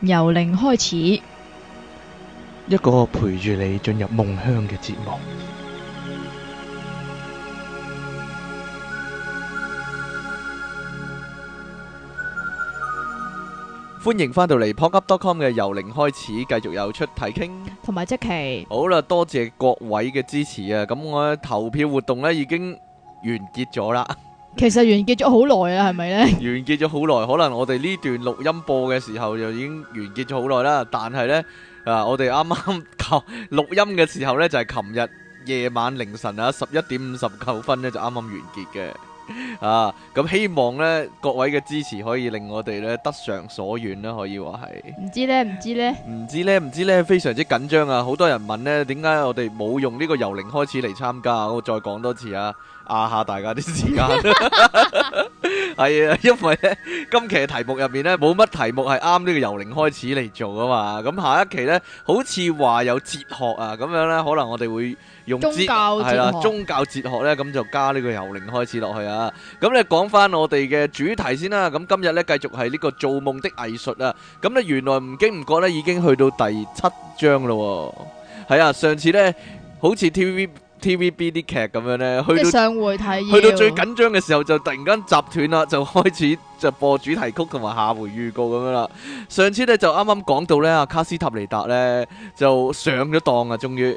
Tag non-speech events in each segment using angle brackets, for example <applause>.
由零開始，一個陪住你進入夢鄉嘅節目。歡迎返到嚟 pocket.com 嘅由零開始，繼續又出題傾，同埋即期。好啦，多謝各位嘅支持啊！咁我投票活動呢已經完結咗啦。其實完結咗好耐啦，係咪呢？完結咗好耐，可能我哋呢段錄音播嘅時候就已經完結咗好耐啦。但係呢，啊，我哋啱啱錄音嘅時候呢，就係琴日夜晚凌晨啊十一點五十九分呢，就啱啱完結嘅。啊，咁希望呢各位嘅支持可以令我哋呢得償所願啦，可以話係。唔知呢，唔知呢，唔知呢，唔知呢，非常之緊張啊！好多人問呢點解我哋冇用呢個由零開始嚟參加？我再講多次啊！壓下大家啲時間，係啊，因為咧今期嘅題目入邊咧冇乜題目係啱呢個由零開始嚟做㗎嘛，咁下一期咧好似話有哲學啊咁樣咧，可能我哋會用係啦宗教哲學咧，咁就加呢個由零開始落去啊。咁咧講翻我哋嘅主題先啦，咁今日咧繼續係呢個做夢的藝術啊。咁咧原來唔經唔覺咧已經去到第七章咯。係啊，上次咧好似 TVB。TVB 啲劇咁樣呢，去到上回睇，啊、去到最緊張嘅時候就突然間集斷啦，就開始就播主題曲同埋下回預告咁樣啦。上次呢，就啱啱講到呢，阿卡斯塔尼達呢，就上咗當啊，終於。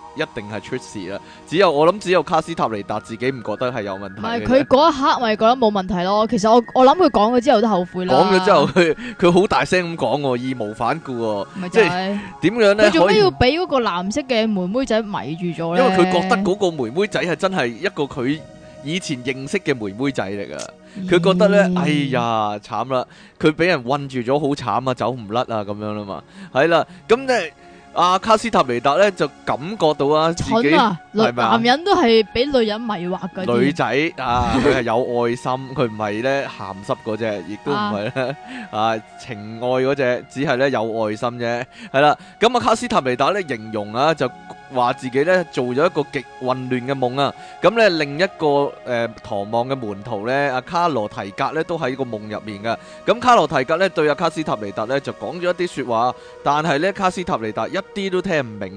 一定係出事啦！只有我諗，只有卡斯塔尼達自己唔覺得係有問題。唔係，佢嗰一刻咪覺得冇問題咯。其實我我諗佢講咗之後都後悔啦。講咗之後，佢佢好大聲咁講，我義無反顧，是即係點樣咧？佢做咩要俾嗰個藍色嘅妹妹仔迷住咗咧？因為佢覺得嗰個妹妹仔係真係一個佢以前認識嘅妹妹仔嚟㗎！佢耶 覺得咧，哎呀，慘啦！佢俾人困住咗，好慘啊，走唔甩啊，咁樣啦嘛，係啦，咁即係。阿、啊、卡斯塔尼達咧就感覺到蠢啊，自己係啊？吧男人都係俾女人迷惑嘅。女仔啊，佢係 <laughs> 有愛心，佢唔係咧鹹濕嗰隻，亦都唔係咧啊，啊情愛嗰隻，只係咧有愛心啫。係啦，咁啊卡斯塔尼達咧形容啊就。話自己呢做咗一個極混亂嘅夢啊！咁呢，另一個誒，唐、呃、望嘅門徒呢，阿卡羅提格呢都喺個夢入面嘅。咁卡羅提格呢對阿卡斯塔尼達呢就講咗一啲說話，但係呢，卡斯塔尼達一啲都聽唔明。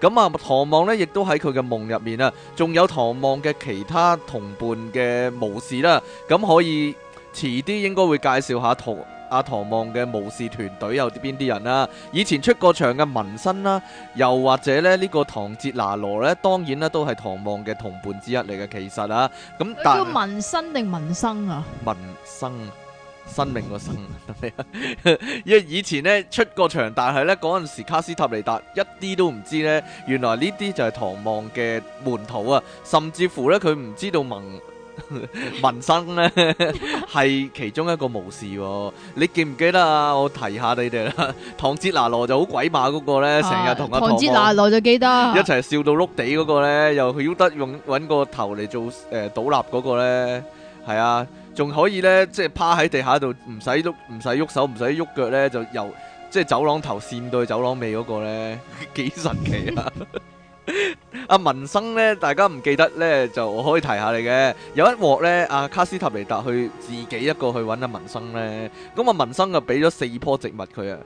咁啊，唐、啊、望呢亦都喺佢嘅夢入面啊，仲有唐望嘅其他同伴嘅武士啦，咁可以遲啲應該會介紹下唐。阿唐望嘅武士團隊有啲邊啲人啦、啊？以前出過場嘅紋身啦，又或者咧呢個唐哲拿羅咧，當然咧都係唐望嘅同伴之一嚟嘅。其實啊，咁、嗯、但叫紋身定紋生啊？紋生，生命個生。 <laughs> 因為以前呢出過場，但係咧嗰陣時卡斯塔尼達一啲都唔知咧，原來呢啲就係唐望嘅門徒啊，甚至乎咧佢唔知道蒙。 <laughs> 民生咧呢係 <laughs> 其中一個無視、哦，你記唔記得啊？我提下你哋啦，唐哲拿羅就好鬼馬嗰個咧，成日同阿唐哲拿羅就記得一齊笑到碌地嗰個咧，又喐得用搵個頭嚟做誒、呃、倒立嗰個咧，係啊，仲可以咧，即係趴喺地下度唔使喐，唔使喐手，唔使喐腳咧，就由即係走廊頭跣到走廊尾嗰個咧，幾神奇啊！ <laughs> 阿文、 <laughs> 啊、生咧，大家唔記得咧，就可以提下你嘅。有一鑊咧，阿、啊、卡斯塔尼達去自己一個去搵阿、啊、文生咧，咁啊，文生啊俾咗四棵植物佢啊。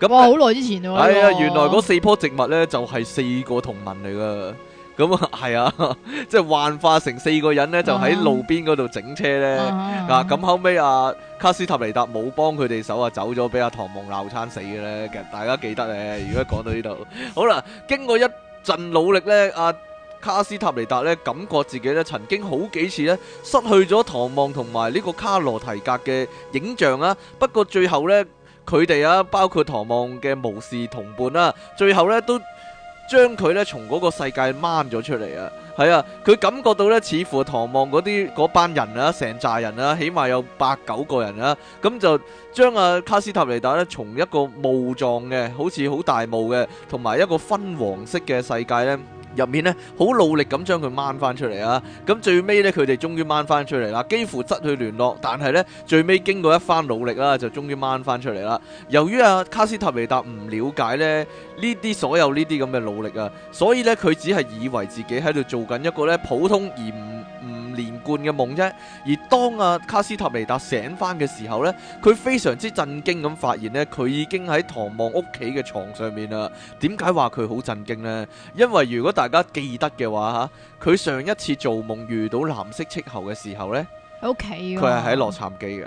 咁、啊、哇！好耐之前啊。係啊，原來嗰四棵植物咧就係、是、四個同文嚟噶。咁啊，係啊，即係幻化成四個人咧，就喺路邊嗰度整車咧、啊啊啊。啊！咁後尾阿卡斯塔尼達冇幫佢哋手啊，走咗俾阿唐望鬧餐，餐死嘅咧。其實大家記得咧，如果講到呢度，好啦，經過一。盡努力咧，阿卡斯塔尼達咧，感覺自己咧，曾經好幾次咧，失去咗唐望同埋呢個卡羅提格嘅影像啊。不過最後咧，佢哋啊，包括唐望嘅巫士同伴啦，最後咧，都將佢咧從嗰個世界掹咗出嚟啊。係啊，佢感覺到咧，似乎唐望嗰啲嗰班人啊，成扎人啊，起碼有八九個人啊，咁就將阿、啊、卡斯塔尼達咧，從一個霧狀嘅，好似好大霧嘅，同埋一個昏黃色嘅世界咧，入面咧，好努力咁將佢掹翻出嚟啊！咁最尾咧，佢哋終於掹翻出嚟啦。幾乎失去聯絡，但係咧，最尾經過一番努力啦，就終於掹翻出嚟啦。由於啊，卡斯塔尼達唔了解咧呢啲所有呢啲咁嘅努力啊，所以咧，佢只係以為自己喺度做緊一個咧普通而唔唔連貫嘅夢啫，而當阿卡斯塔尼達醒翻嘅時候呢，佢非常之震驚咁發現呢，佢已經喺唐望屋企嘅床上面啦。點解話佢好震驚呢？因為如果大家記得嘅話吓，佢上一次做夢遇到藍色戚候嘅時候呢。佢係喺洛杉磯嘅，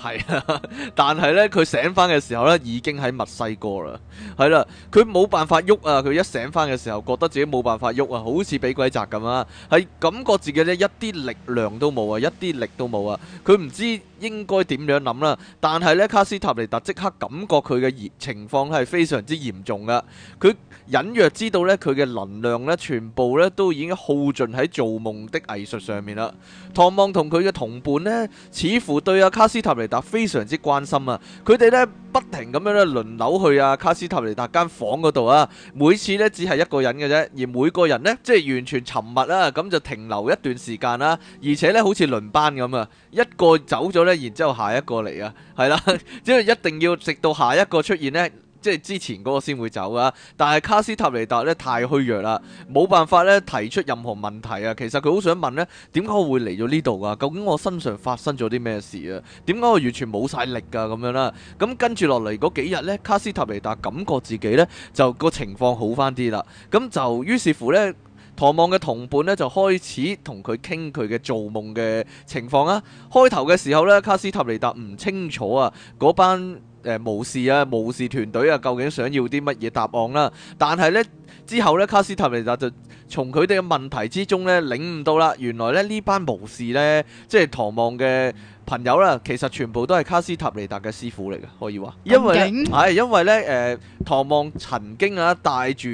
係啊， <laughs> 但係呢，佢醒翻嘅時候呢，已經喺墨西哥啦，係啦，佢冇辦法喐啊！佢一醒翻嘅時候，覺得自己冇辦法喐啊，好似俾鬼抓咁啊，係感覺自己呢一啲力量都冇啊，一啲力都冇啊！佢唔知應該點樣諗啦，但係呢，卡斯塔尼達即刻感覺佢嘅情況係非常之嚴重噶，佢隱約知道呢，佢嘅能量呢全部呢都已經耗盡喺做夢的藝術上面啦，唐望同佢嘅。同伴呢，似乎對阿卡斯塔尼達非常之關心啊！佢哋呢，不停咁樣咧輪流去阿卡斯塔尼達間房嗰度啊，每次呢，只係一個人嘅啫，而每個人呢，即係完全沉默啦，咁就停留一段時間啦，而且呢，好似輪班咁啊，一個走咗呢，然之後下一個嚟啊，係啦，即係一定要直到下一個出現呢。即係之前嗰個先會走啊，但係卡斯塔尼達呢太虛弱啦，冇辦法咧提出任何問題啊！其實佢好想問呢點解我會嚟咗呢度啊，究竟我身上發生咗啲咩事啊？點解我完全冇晒力噶咁、啊、樣啦、啊？咁、嗯、跟住落嚟嗰幾日呢，卡斯塔尼達感覺自己呢就個情況好翻啲啦，咁、嗯、就於是乎呢，唐望嘅同伴呢，就開始同佢傾佢嘅做夢嘅情況啊！開頭嘅時候呢，卡斯塔尼達唔清楚啊，嗰班。誒，巫士、呃、啊，巫士團隊啊，究竟想要啲乜嘢答案啦、啊？但係呢，之後呢，卡斯塔尼達就從佢哋嘅問題之中呢領悟到啦，原來咧，呢班巫士呢，即係唐望嘅朋友啦，其實全部都係卡斯塔尼達嘅師傅嚟嘅，可以話，因為係景因為咧，誒、呃，唐望曾經啊帶住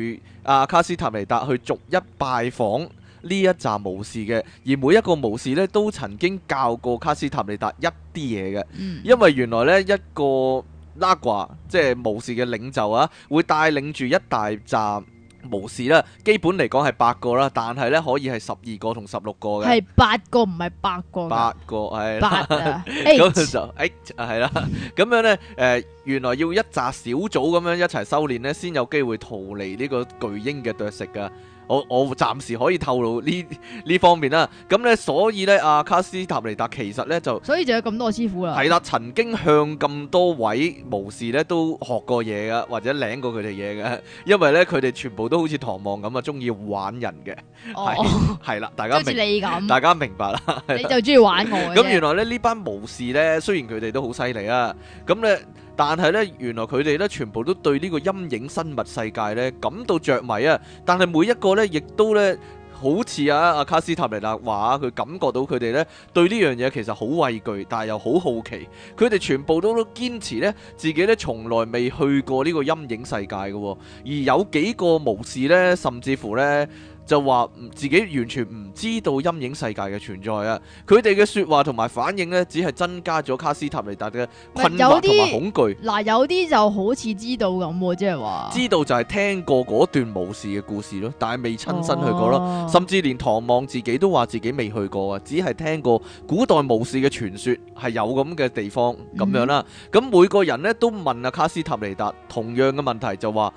阿卡斯塔尼達去逐一拜訪呢一紮巫士嘅，而每一個巫士呢都曾經教過卡斯塔尼達一啲嘢嘅，因為原來呢一個。拉掛即係武士嘅領袖啊，會帶領住一大紮武士啦。基本嚟講係八個啦，但係咧可以係十二個同十六個嘅。係八個，唔係八個。八個係。咁就誒，係啦。咁樣咧誒、呃，原來要一紮小組咁樣一齊修練咧，先有機會逃離呢個巨鷹嘅啄食噶。我我暫時可以透露呢呢方面啦，咁咧所以咧阿卡斯塔尼達其實咧就，所以就有咁多師傅啦。係啦，曾經向咁多位巫師咧都學過嘢㗎，或者領過佢哋嘢嘅，因為咧佢哋全部都好似唐望咁啊，中意玩人嘅。哦、oh,，係啦，大家明，大家明白啦。你就中意玩我。咁 <laughs> 原來咧呢班巫師咧，雖然佢哋都好犀利啊，咁咧。但係咧，原來佢哋咧全部都對呢個陰影生物世界咧感到着迷啊！但係每一個咧，亦都咧好似啊阿卡斯塔尼達話佢感覺到佢哋咧對呢樣嘢其實好畏懼，但係又好好奇。佢哋全部都都堅持咧，自己咧從來未去過呢個陰影世界嘅喎。而有幾個巫師咧，甚至乎咧。就話自己完全唔知道陰影世界嘅存在啊！佢哋嘅説話同埋反應呢，只係增加咗卡斯塔尼達嘅困惑同埋恐懼。嗱，有啲、呃、就好似知道咁，即係話知道就係聽過嗰段巫師嘅故事咯，但係未親身去過咯。哦、甚至連唐望自己都話自己未去過啊，只係聽過古代巫師嘅傳說係有咁嘅地方咁樣啦。咁、嗯、每個人呢都問啊卡斯塔尼達同樣嘅問題，就話。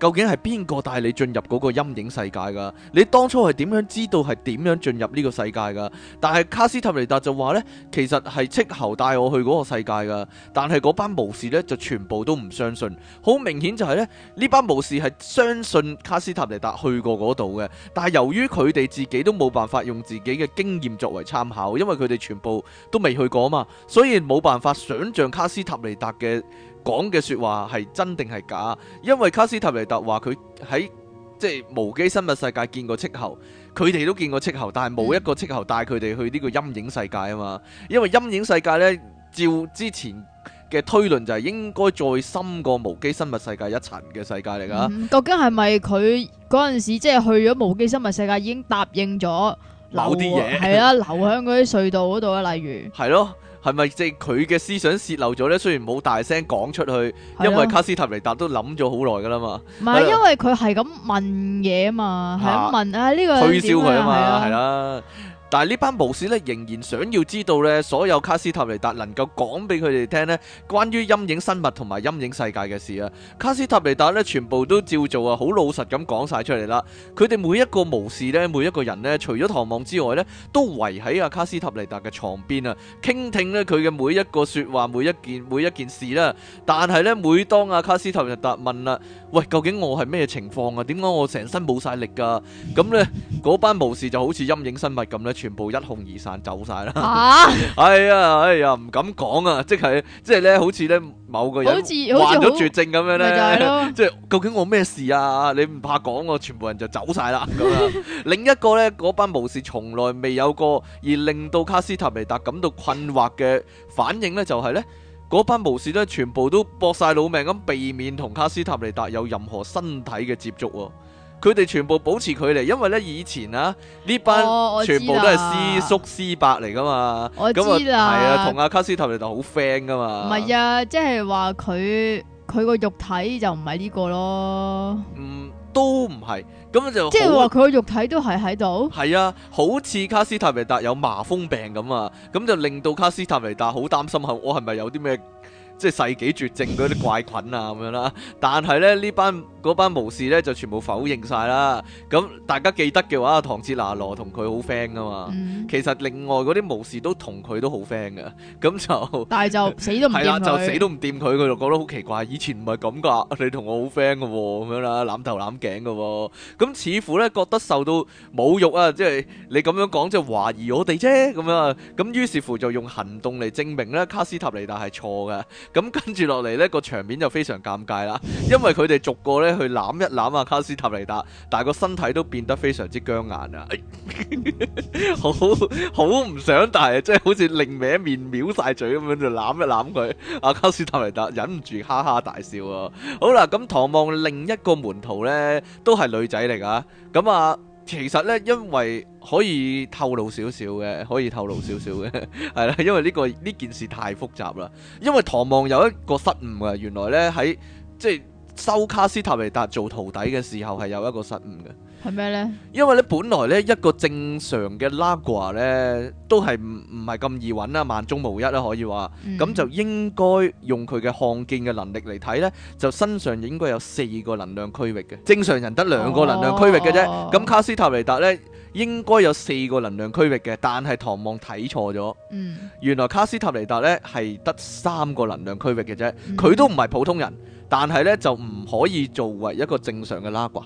究竟係邊個帶你進入嗰個陰影世界噶？你當初係點樣知道係點樣進入呢個世界噶？但係卡斯塔尼達就話呢，其實係斥候帶我去嗰個世界噶。但係嗰班巫士呢，就全部都唔相信。好明顯就係咧，呢班巫士係相信卡斯塔尼達去過嗰度嘅。但係由於佢哋自己都冇辦法用自己嘅經驗作為參考，因為佢哋全部都未去過啊嘛，所以冇辦法想象卡斯塔尼達嘅。講嘅說話係真定係假？因為卡斯塔尼達話佢喺即係無機生物世界見過斥候，佢哋都見過斥候，但係冇一個斥候帶佢哋去呢個陰影世界啊嘛。因為陰影世界呢，照之前嘅推論就係應該再深過無機生物世界一層嘅世界嚟噶。究竟係咪佢嗰陣時即係去咗無機生物世界已經答應咗某啲嘢？係啊，留響嗰啲隧道嗰度啊，例如係咯。係咪即係佢嘅思想泄漏咗咧？雖然冇大聲講出去，的因為卡斯塔尼達都諗咗好耐噶啦嘛。唔係是的因為佢係咁問嘢啊嘛，係咁、啊、問啊呢、呢個推銷佢啊嘛，係啦的。的但係呢班巫士咧仍然想要知道咧，所有卡斯塔尼達能夠講俾佢哋聽咧，關於陰影生物同埋陰影世界嘅事啊！卡斯塔尼達咧全部都照做啊，好老實咁講晒出嚟啦。佢哋每一個巫士咧，每一個人咧，除咗唐望之外咧，都圍喺阿卡斯塔尼達嘅床邊啊，傾聽咧佢嘅每一個說話，每一件每一件事啦。但係咧，每當阿卡斯塔尼達問啊，喂，究竟我係咩情況啊？點解我成身冇晒力噶？咁咧，嗰班巫士就好似陰影生物咁咧。全部一哄而散走晒啦、啊 <laughs> 哎！哎呀，啊，係唔敢講啊，即係即係咧，好似咧某個人好似，患咗絕症咁樣咧，好像好像 <laughs> 即係究竟我咩事啊？你唔怕講我、啊，全部人就走晒啦咁啊！樣 <laughs> 另一個咧，嗰班巫士從來未有過而令到卡斯塔尼達感到困惑嘅反應咧，就係咧嗰班巫士咧，全部都搏晒老命咁避免同卡斯塔尼達有任何身體嘅接觸、啊。佢哋全部保持距離，因為咧以前啊呢班、哦、全部都係師叔師伯嚟噶嘛，咁啊係啊，同阿卡斯塔尼達好 friend 噶嘛。唔係啊，即係話佢佢個肉體就唔係呢個咯，嗯，都唔係，咁就即係話佢個肉體都係喺度。係啊，好似卡斯塔尼達有麻風病咁啊，咁就令到卡斯塔尼達好擔心，係我係咪有啲咩？即係世紀絕症嗰啲怪菌啊咁樣啦，但係咧呢班嗰班巫士咧就全部否認曬啦。咁大家記得嘅話，唐吉娜羅同佢好 friend 噶嘛。其實另外嗰啲巫士都同佢都好 friend 嘅，咁就但係就死都唔掂啊，就死都唔掂佢，佢就覺得好奇怪。以前唔係咁噶，你同我好 friend 噶喎，咁樣啦，攬頭攬頸噶喎。咁似乎咧覺得受到侮辱啊，即係你咁樣講即係懷疑我哋啫，咁樣咁於是乎就用行動嚟證明咧卡斯塔尼達係錯嘅。咁跟住落嚟呢個場面就非常尷尬啦，因為佢哋逐個呢去攬一攬阿卡斯塔尼達，但係個身體都變得非常之僵硬啊、哎！ <laughs> 好、就是、好唔想，但係即係好似擰歪面藐晒嘴咁樣，就攬一攬佢。阿卡斯塔尼達忍唔住哈哈大笑呀！好啦，咁唐望另一個門徒呢，都係女仔嚟㗎，咁啊～其實咧，因為可以透露少少嘅，可以透露少少嘅，係啦，因為呢、呢個呢件事太複雜啦。因為唐望有一個失誤嘅，原來咧，喺即係收卡斯塔尼達做徒弟嘅時候係有一個失誤嘅。係咩咧？呢因為咧本來咧一個正常嘅拉呱咧都係唔唔係咁易揾啦，萬中無一啦，啊，可以話。咁、嗯、就應該用佢嘅看見嘅能力嚟睇咧，就身上應該有四個能量區域嘅。正常人得兩個能量區域嘅啫。咁、哦、卡斯塔尼達咧應該有四個能量區域嘅，但係唐望睇錯咗。嗯。原來卡斯塔尼達咧係得三個能量區域嘅啫，佢、嗯、都唔係普通人，但係咧就唔可以作為一個正常嘅拉呱。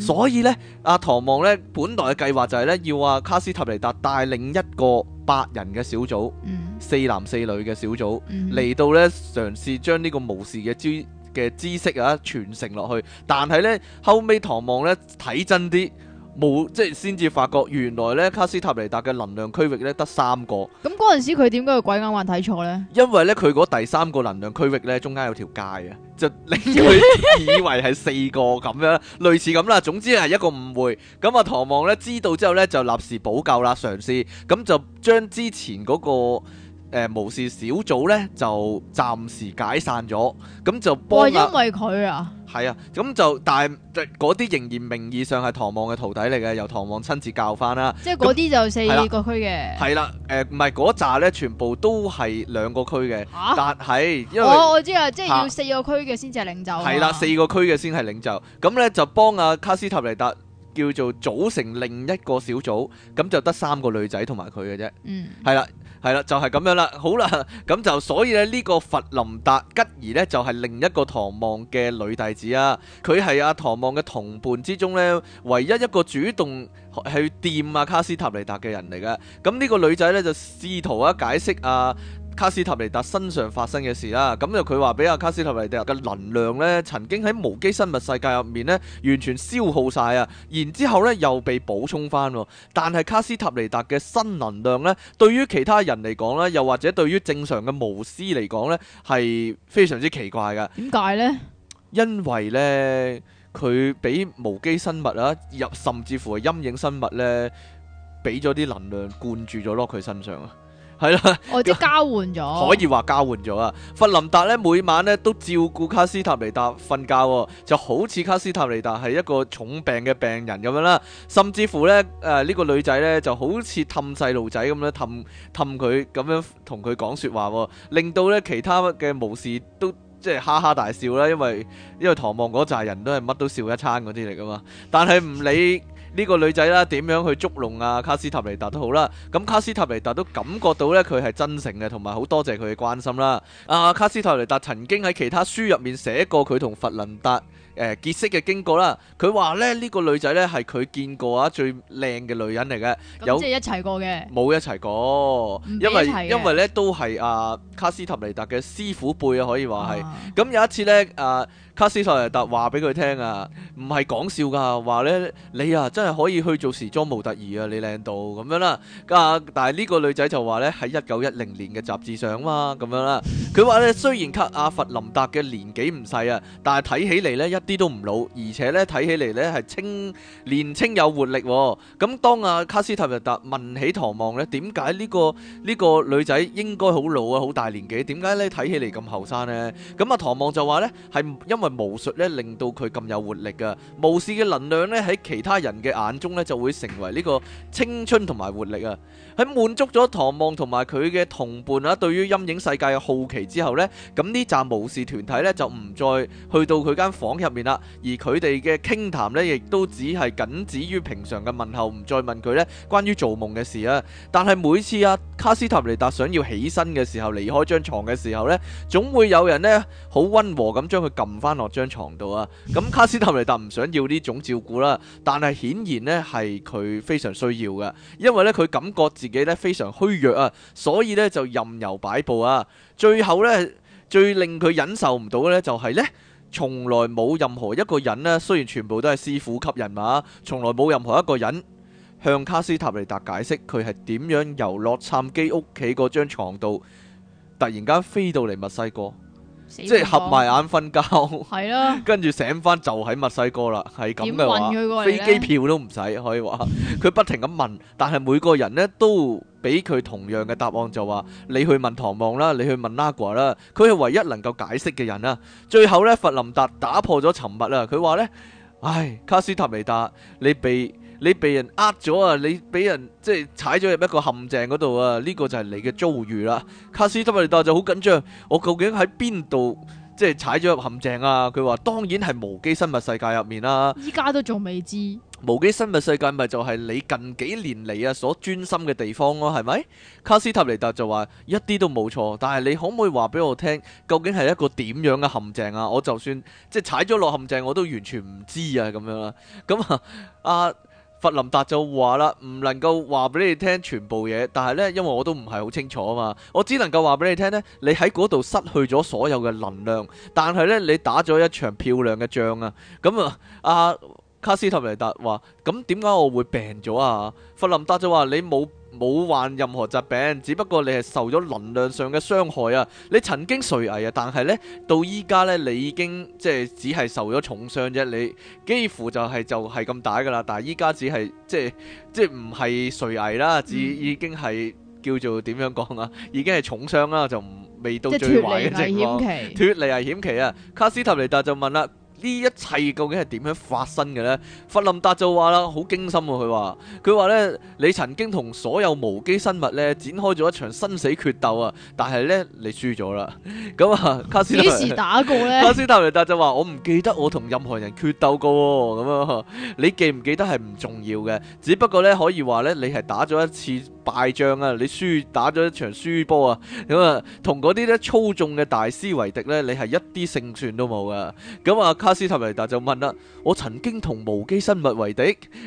所以咧，阿唐望咧，本來嘅計劃就係咧，要阿卡斯塔尼達帶領一個八人嘅小組， <noise> 四男四女嘅小組嚟到咧，嘗試將呢個巫師嘅知嘅知識啊傳承落去。但係咧，後尾唐望咧睇真啲。冇，即係先至發覺，原來咧卡斯塔尼達嘅能量區域咧得三個。咁嗰陣時佢點解會鬼眼花睇錯呢？因為咧佢嗰第三個能量區域咧中間有條街啊，就令佢以為係四個咁樣， <laughs> 類似咁啦。總之係一個誤會。咁啊，唐望咧知道之後咧就立時補救啦，嘗試咁就將之前嗰、嗰個。誒，武士、呃、小組咧就暫時解散咗，咁就幫因為佢啊。係啊、嗯，咁就但係嗰啲仍然名義上係唐望嘅徒弟嚟嘅，由唐望親自教翻啦。即係嗰啲就四個區嘅。係啦，誒，唔係嗰紮咧，全部都係兩個區嘅。啊、但係因為。哦、我知啊，即係要四個區嘅先至係領袖、啊啊。係啦，四個區嘅先係領袖。咁咧就幫阿卡斯塔尼達叫做組成另一個小組，咁就得三個女仔同埋佢嘅啫。嗯。係啦。係啦，就係、是、咁樣啦。好啦，咁、嗯、就所以咧，呢個佛林達吉兒呢，就係另一個唐望嘅女弟子啊。佢係阿唐望嘅同伴之中呢，唯一一個主動去掂阿卡斯塔尼達嘅人嚟嘅。咁、這、呢個女仔呢，就試圖啊解釋啊。卡斯塔尼達身上發生嘅事啦，咁就佢話俾阿卡斯塔尼達嘅能量呢，曾經喺無機生物世界入面呢，完全消耗晒啊，然之後呢又被補充翻。但係卡斯塔尼達嘅新能量呢，對於其他人嚟講呢，又或者對於正常嘅巫師嚟講呢，係非常之奇怪㗎。點解呢？因為呢，佢俾無機生物啊，入甚至乎係陰影生物呢，俾咗啲能量灌注咗落佢身上啊！係啦，我 <laughs> 交換咗，可以話交換咗啊！弗林達咧每晚咧都照顧卡斯塔尼達瞓覺，就好似卡斯塔尼達係一個重病嘅病人咁樣啦。甚至乎咧，誒、呃、呢、呢個女仔咧就好似氹細路仔咁咧氹氹佢咁樣同佢講説話，令到咧其他嘅武士都即係哈哈大笑啦。因為因為唐望嗰扎人都係乜都笑一餐嗰啲嚟噶嘛，但係唔理。呢個女仔啦，點樣去捉弄啊，卡斯塔尼達都好啦，咁卡斯塔尼達都感覺到呢，佢係真誠嘅，同埋好多謝佢嘅關心啦。啊，卡斯塔尼達曾經喺其他書入面寫過佢同弗倫達誒、呃、結識嘅經過啦。佢話呢，呢、這個女仔呢係佢見過啊最靚嘅女人嚟嘅。咁即係一齊過嘅？冇一齊過，因為因為咧都係啊、呃、卡斯塔尼達嘅師傅輩啊，可以話係。咁、啊嗯、有一次呢。啊、呃。卡斯泰爾特話俾佢聽啊，唔係講笑㗎，話咧你啊真係可以去做時裝模特兒啊，你靚到咁樣啦。咁啊，但係呢個女仔就話咧，喺一九一零年嘅雜誌上嘛，咁樣啦。佢話咧，雖然卡阿弗林達嘅年紀唔細啊，但係睇起嚟咧一啲都唔老，而且咧睇起嚟咧係青年輕有活力。咁當阿卡斯泰爾特問起唐望咧，點解呢個呢個女仔應該好老啊，好大年紀？點解咧睇起嚟咁後生咧？咁啊，唐望就話咧係因為。巫術咧令到佢咁有活力㗎，巫師嘅能量咧喺其他人嘅眼中咧就會成為呢個青春同埋活力啊。喺滿足咗唐望同埋佢嘅同伴啊，對於陰影世界嘅好奇之後咧，咁呢紮巫師團體咧就唔再去到佢間房入面啦。而佢哋嘅傾談咧，亦都只係僅止於平常嘅問候，唔再問佢咧關於做夢嘅事啊。但係每次啊，卡斯塔尼達想要起身嘅時候，離開張牀嘅時候咧，總會有人咧好温和咁將佢撳翻落張牀度啊。咁卡斯塔尼達唔想要呢種照顧啦，但係顯然咧係佢非常需要嘅，因為咧佢感覺自自己咧非常虛弱啊，所以咧就任由擺佈啊。最後咧，最令佢忍受唔到嘅咧，就係咧，從來冇任何一個人咧，雖然全部都係師傅級人物，從來冇任何一個人向卡斯塔尼達解釋佢係點樣由洛杉磯屋企嗰張牀度突然間飛到嚟墨西哥。即係合埋眼瞓覺，跟住、 <laughs> 啊、醒翻就喺墨西哥啦，係咁嘅話，飛機票都唔使。可以話佢不停咁問，但係每個人呢都俾佢同樣嘅答案，就話你去問唐望啦，你去問拉格啦，佢係唯一能夠解釋嘅人啦。最後呢，佛林達打破咗沉默啦，佢話呢：「唉，卡斯塔尼達，你被。你被人呃咗啊！你俾人即係踩咗入一個陷阱嗰度啊！呢、這個就係你嘅遭遇啦。卡斯塔尼達就好緊張，我究竟喺邊度即係踩咗入陷阱啊？佢話當然係無機生物世界入面啦、啊。依家都仲未知。無機生物世界咪就係你近幾年嚟，啊所專心嘅地方咯、啊，係咪？卡斯塔尼達就話一啲都冇錯，但係你可唔可以話俾我聽，究竟係一個點樣嘅陷阱啊？我就算即係踩咗落陷阱，我都完全唔知啊咁樣啦。咁啊，阿、啊。啊啊啊弗林達就話啦，唔能夠話俾你聽全部嘢，但係呢，因為我都唔係好清楚啊嘛，我只能夠話俾你聽呢，你喺嗰度失去咗所有嘅能量，但係呢，你打咗一場漂亮嘅仗啊，咁、嗯、啊，阿卡斯特雷達話，咁點解我會病咗啊？弗林達就話你冇。冇患任何疾病，只不過你係受咗能量上嘅傷害啊！你曾經垂危啊，但係呢，到依家呢，你已經即係只係受咗重傷啫，你幾乎就係、是、就係咁大噶啦。但係依家只係即係即係唔係垂危啦、啊，只已經係叫做點樣講啊？已經係重傷啦，就未到最壞嘅情況。脫離危險期，脫離危險期啊！卡斯塔尼達就問啦、啊。呢一切究竟係點樣發生嘅呢？弗林達就話啦，好驚心啊！佢話佢話咧，你曾經同所有無機生物咧展開咗一場生死決鬥啊！但係咧，你輸咗啦。咁啊，卡斯達。幾時打過咧？卡斯達就話：我唔記得我同任何人決鬥過、哦。咁啊，你記唔記得係唔重要嘅，只不過咧可以話咧，你係打咗一次敗仗啊！你輸打咗一場輸波啊！咁啊，同嗰啲咧操縱嘅大師為敵咧，你係一啲勝算都冇噶。咁啊，卡斯塔尼達就問啦：我曾經同無機生物為敵。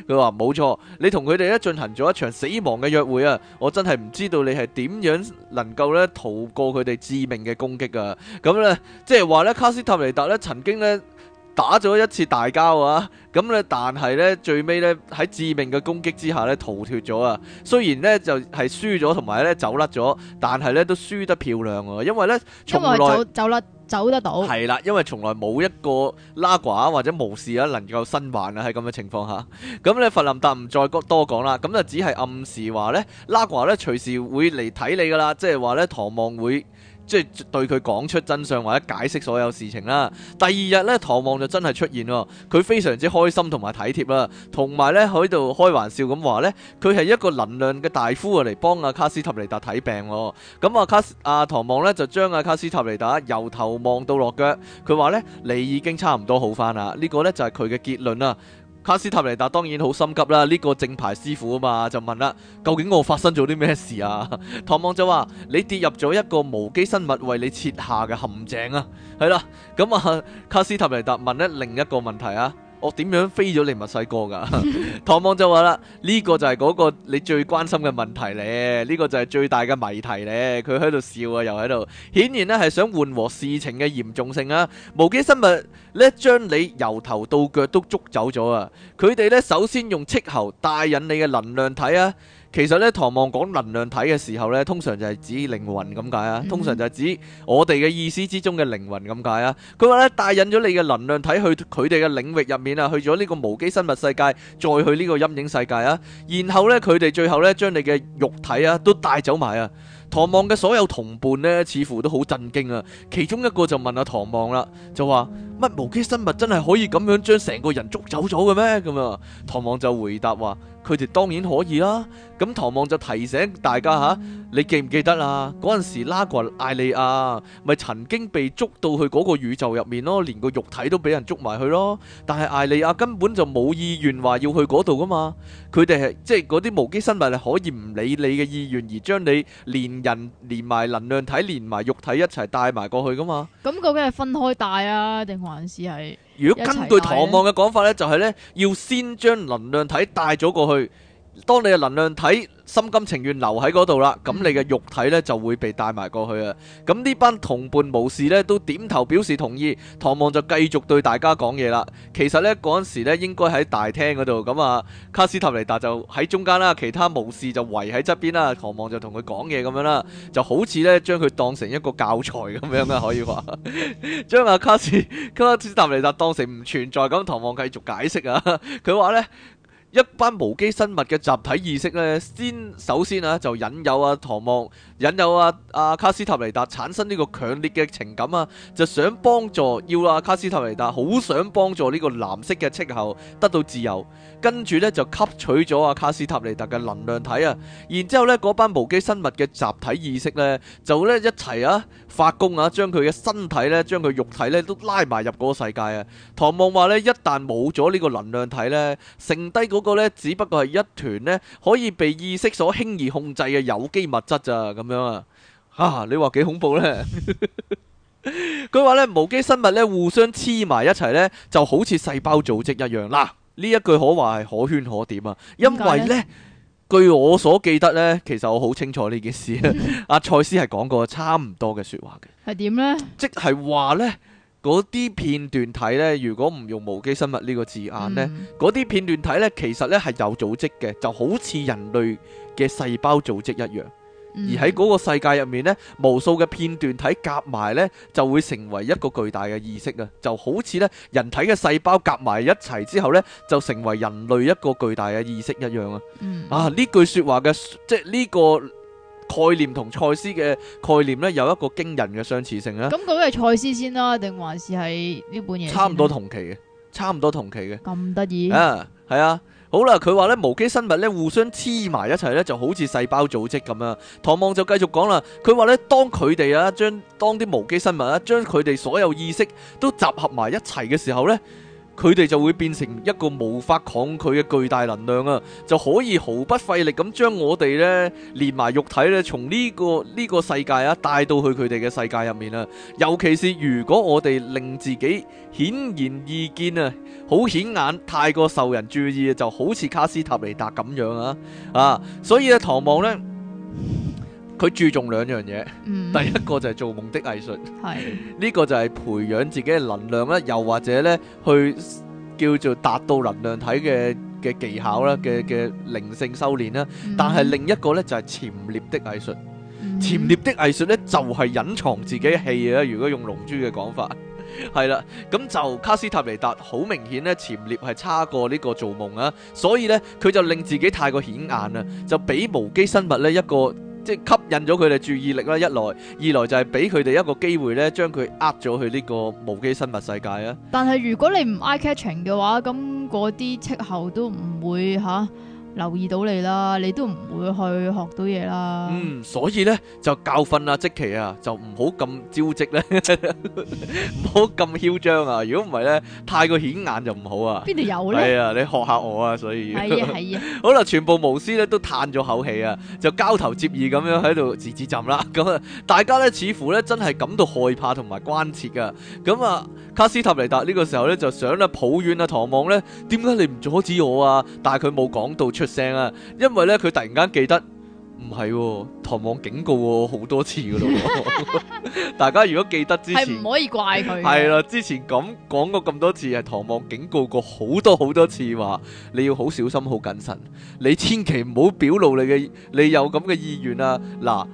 佢話：冇錯，你同佢哋咧進行咗一場死亡嘅約會啊！我真係唔知道你係點樣能夠咧逃過佢哋致命嘅攻擊啊！咁咧即係話咧，卡斯塔尼達咧曾經咧打咗一次大交啊！咁咧，但係咧最尾咧喺致命嘅攻擊之下咧逃脱咗啊！雖然咧就係輸咗，同埋咧走甩咗，但係咧都輸得漂亮啊！因為咧從來走甩。走走得到，係啦，因為從來冇一個拉呱或者巫師啊，能夠生還啊，喺咁嘅情況下，咁咧佛林達唔再多講啦，咁就只係暗示話咧，拉呱咧隨時會嚟睇你噶啦，即係話咧唐望會。即係對佢講出真相或者解釋所有事情啦。第二日咧，唐望就真係出現喎，佢非常之開心同埋體貼啦，同埋咧喺度開玩笑咁話咧，佢係一個能量嘅大夫嚟幫阿卡斯塔尼達睇病。咁啊，卡阿唐望咧就將阿卡斯塔尼達由頭望到落腳，佢話咧，你已經差唔多好翻啦，呢、這個咧就係佢嘅結論啦。卡斯塔尼達當然好心急啦，呢個正牌師傅啊嘛，就問啦：究竟我發生咗啲咩事啊？唐望就話：你跌入咗一個無機生物為你設下嘅陷阱啊！係啦，咁啊，卡斯塔尼達問咧另一個問題啊。我點樣飛咗嚟墨西哥㗎？ <laughs> 唐望就話啦，呢個就係嗰個你最關心嘅問題咧，呢個就係最大嘅謎題咧。佢喺度笑啊，又喺度，顯然呢係想緩和事情嘅嚴重性啊。無機生物咧，將你由頭到腳都捉走咗啊！佢哋咧，首先用斥喉帶引你嘅能量體啊！其實咧，唐望講能量體嘅時候咧，通常就係指靈魂咁解啊，通常就係指我哋嘅意思之中嘅靈魂咁解啊。佢話咧，帶引咗你嘅能量體去佢哋嘅領域入面啊，去咗呢個無機生物世界，再去呢個陰影世界啊。然後咧，佢哋最後咧，將你嘅肉體啊都帶走埋啊。唐望嘅所有同伴咧，似乎都好震驚啊。其中一個就問阿唐望啦，就話乜無機生物真係可以咁樣將成個人捉走咗嘅咩？咁啊，唐望就回答話。佢哋當然可以啦。咁唐望就提醒大家吓，你記唔記得啊？嗰陣時拉過艾莉亞咪曾經被捉到去嗰個宇宙入面咯，連個肉體都俾人捉埋去咯。但係艾莉亞根本就冇意願話要去嗰度噶嘛。佢哋係即係嗰啲無機生物係可以唔理你嘅意願而將你連人連埋能量體連埋肉體一齊帶埋過去噶嘛？咁究竟係分開帶啊，定還是係？如果根據唐望嘅講法呢就係呢，要先將能量體帶咗過去。當你嘅能量體心甘情願留喺嗰度啦，咁你嘅肉體呢就會被帶埋過去啊！咁呢班同伴巫士呢都點頭表示同意，唐望就繼續對大家講嘢啦。其實呢嗰陣時咧應該喺大廳嗰度，咁啊卡斯塔尼達就喺中間啦，其他巫士就圍喺側邊啦，唐望就同佢講嘢咁樣啦，就好似呢將佢當成一個教材咁樣啊，可以話將阿卡斯卡斯塔尼達當成唔存在咁，唐望繼續解釋啊，佢話呢。一班無機生物嘅集體意識咧，先首先啊就引誘啊唐望，引誘啊阿、啊、卡斯塔尼達產生呢個強烈嘅情感啊，就想幫助要阿、啊、卡斯塔尼達好想幫助呢個藍色嘅斥候得到自由，跟住咧就吸取咗阿、啊、卡斯塔尼達嘅能量體啊，然之後咧班無機生物嘅集體意識咧就咧一齊啊發功啊，將佢嘅身體咧，將佢肉體咧都拉埋入個世界啊。唐望話咧，一旦冇咗呢個能量體咧，剩低嗰。個咧只不過係一團呢，可以被意識所輕易控制嘅有機物質咋咁樣啊吓，你話幾恐怖呢？佢話咧無機生物咧互相黐埋一齊咧就好似細胞組織一樣嗱，呢一句可話係可圈可點啊，因為呢，為呢據我所記得呢，其實我好清楚呢件事阿賽、 <laughs> 啊、斯係講過差唔多嘅說話嘅，係點呢？即係話呢。嗰啲片段體呢，如果唔用無機生物呢個字眼呢，嗰啲、嗯、片段體呢，其實呢係有組織嘅，就好似人類嘅細胞組織一樣。嗯、而喺嗰個世界入面呢，無數嘅片段體夾埋呢，就會成為一個巨大嘅意識啊！就好似呢，人體嘅細胞夾埋一齊之後呢，就成為人類一個巨大嘅意識一樣啊！嗯、啊，呢句説話嘅即係、這、呢個，概念同賽斯嘅概念呢，有一個驚人嘅相似性咧，咁究竟係賽斯先啦，定還是係呢本嘢？差唔多同期嘅，差唔多同期嘅，咁得意啊！係啊，好啦，佢話呢，無機生物呢，互相黐埋一齊呢，就好似細胞組織咁啊。唐望就繼續講啦，佢話呢，當佢哋啊將當啲無機生物啊將佢哋所有意識都集合埋一齊嘅時候呢。佢哋就會變成一個無法抗拒嘅巨大能量啊！就可以毫不費力咁將我哋呢連埋肉體呢，從呢個呢個世界啊帶到去佢哋嘅世界入面啊！尤其是如果我哋令自己顯然易見啊，好顯眼，太過受人注意啊，就好似卡斯塔尼達咁樣啊啊！所以咧，唐望呢。佢注重兩樣嘢，第一個就係做夢的藝術，呢個就係培養自己嘅能量啦，又或者咧去叫做達到能量體嘅嘅技巧啦，嘅嘅靈性修煉啦。但係另一個咧就係潛獵的藝術，潛獵的藝術咧就係隱藏自己嘅氣啊。如果用龍珠嘅講法，係啦，咁就卡斯塔尼達好明顯咧，潛獵係差過呢個做夢啊，所以咧佢就令自己太過顯眼啦，就俾無機生物咧一個。即係吸引咗佢哋注意力啦，一來，二來就係俾佢哋一個機會咧，將佢呃咗去呢個無機生物世界啊！但係如果你唔 eye catching 嘅話，咁嗰啲斥候都唔會嚇，留意到你啦，你都唔會去學到嘢啦。嗯，所以咧就教訓啊，即其啊，就唔好咁招積咧，唔好咁囂張啊！如果唔係咧，太過顯眼就唔好啊。邊度有咧？係啊，你學下我啊，所以係啊係啊。啊 <laughs> 好啦，全部巫師咧都嘆咗口氣啊，就交頭接耳咁樣喺度自止站啦。咁、嗯、啊，大家咧似乎咧真係感到害怕同埋關切噶、啊。咁、嗯、啊，卡斯塔尼達呢個時候咧就想咧抱怨啊，唐望咧，點解你唔阻止我啊？但係佢冇講到出聲啊！因為咧，佢突然間記得唔係，唐望、啊、警告我好多次噶咯。 <laughs> <laughs> 大家如果記得之前係唔可以怪佢，係啦，之前咁講過咁多次，係唐望警告過好多好多次，話你要好小心、好謹慎，你千祈唔好表露你嘅，你有咁嘅意願啊嗱。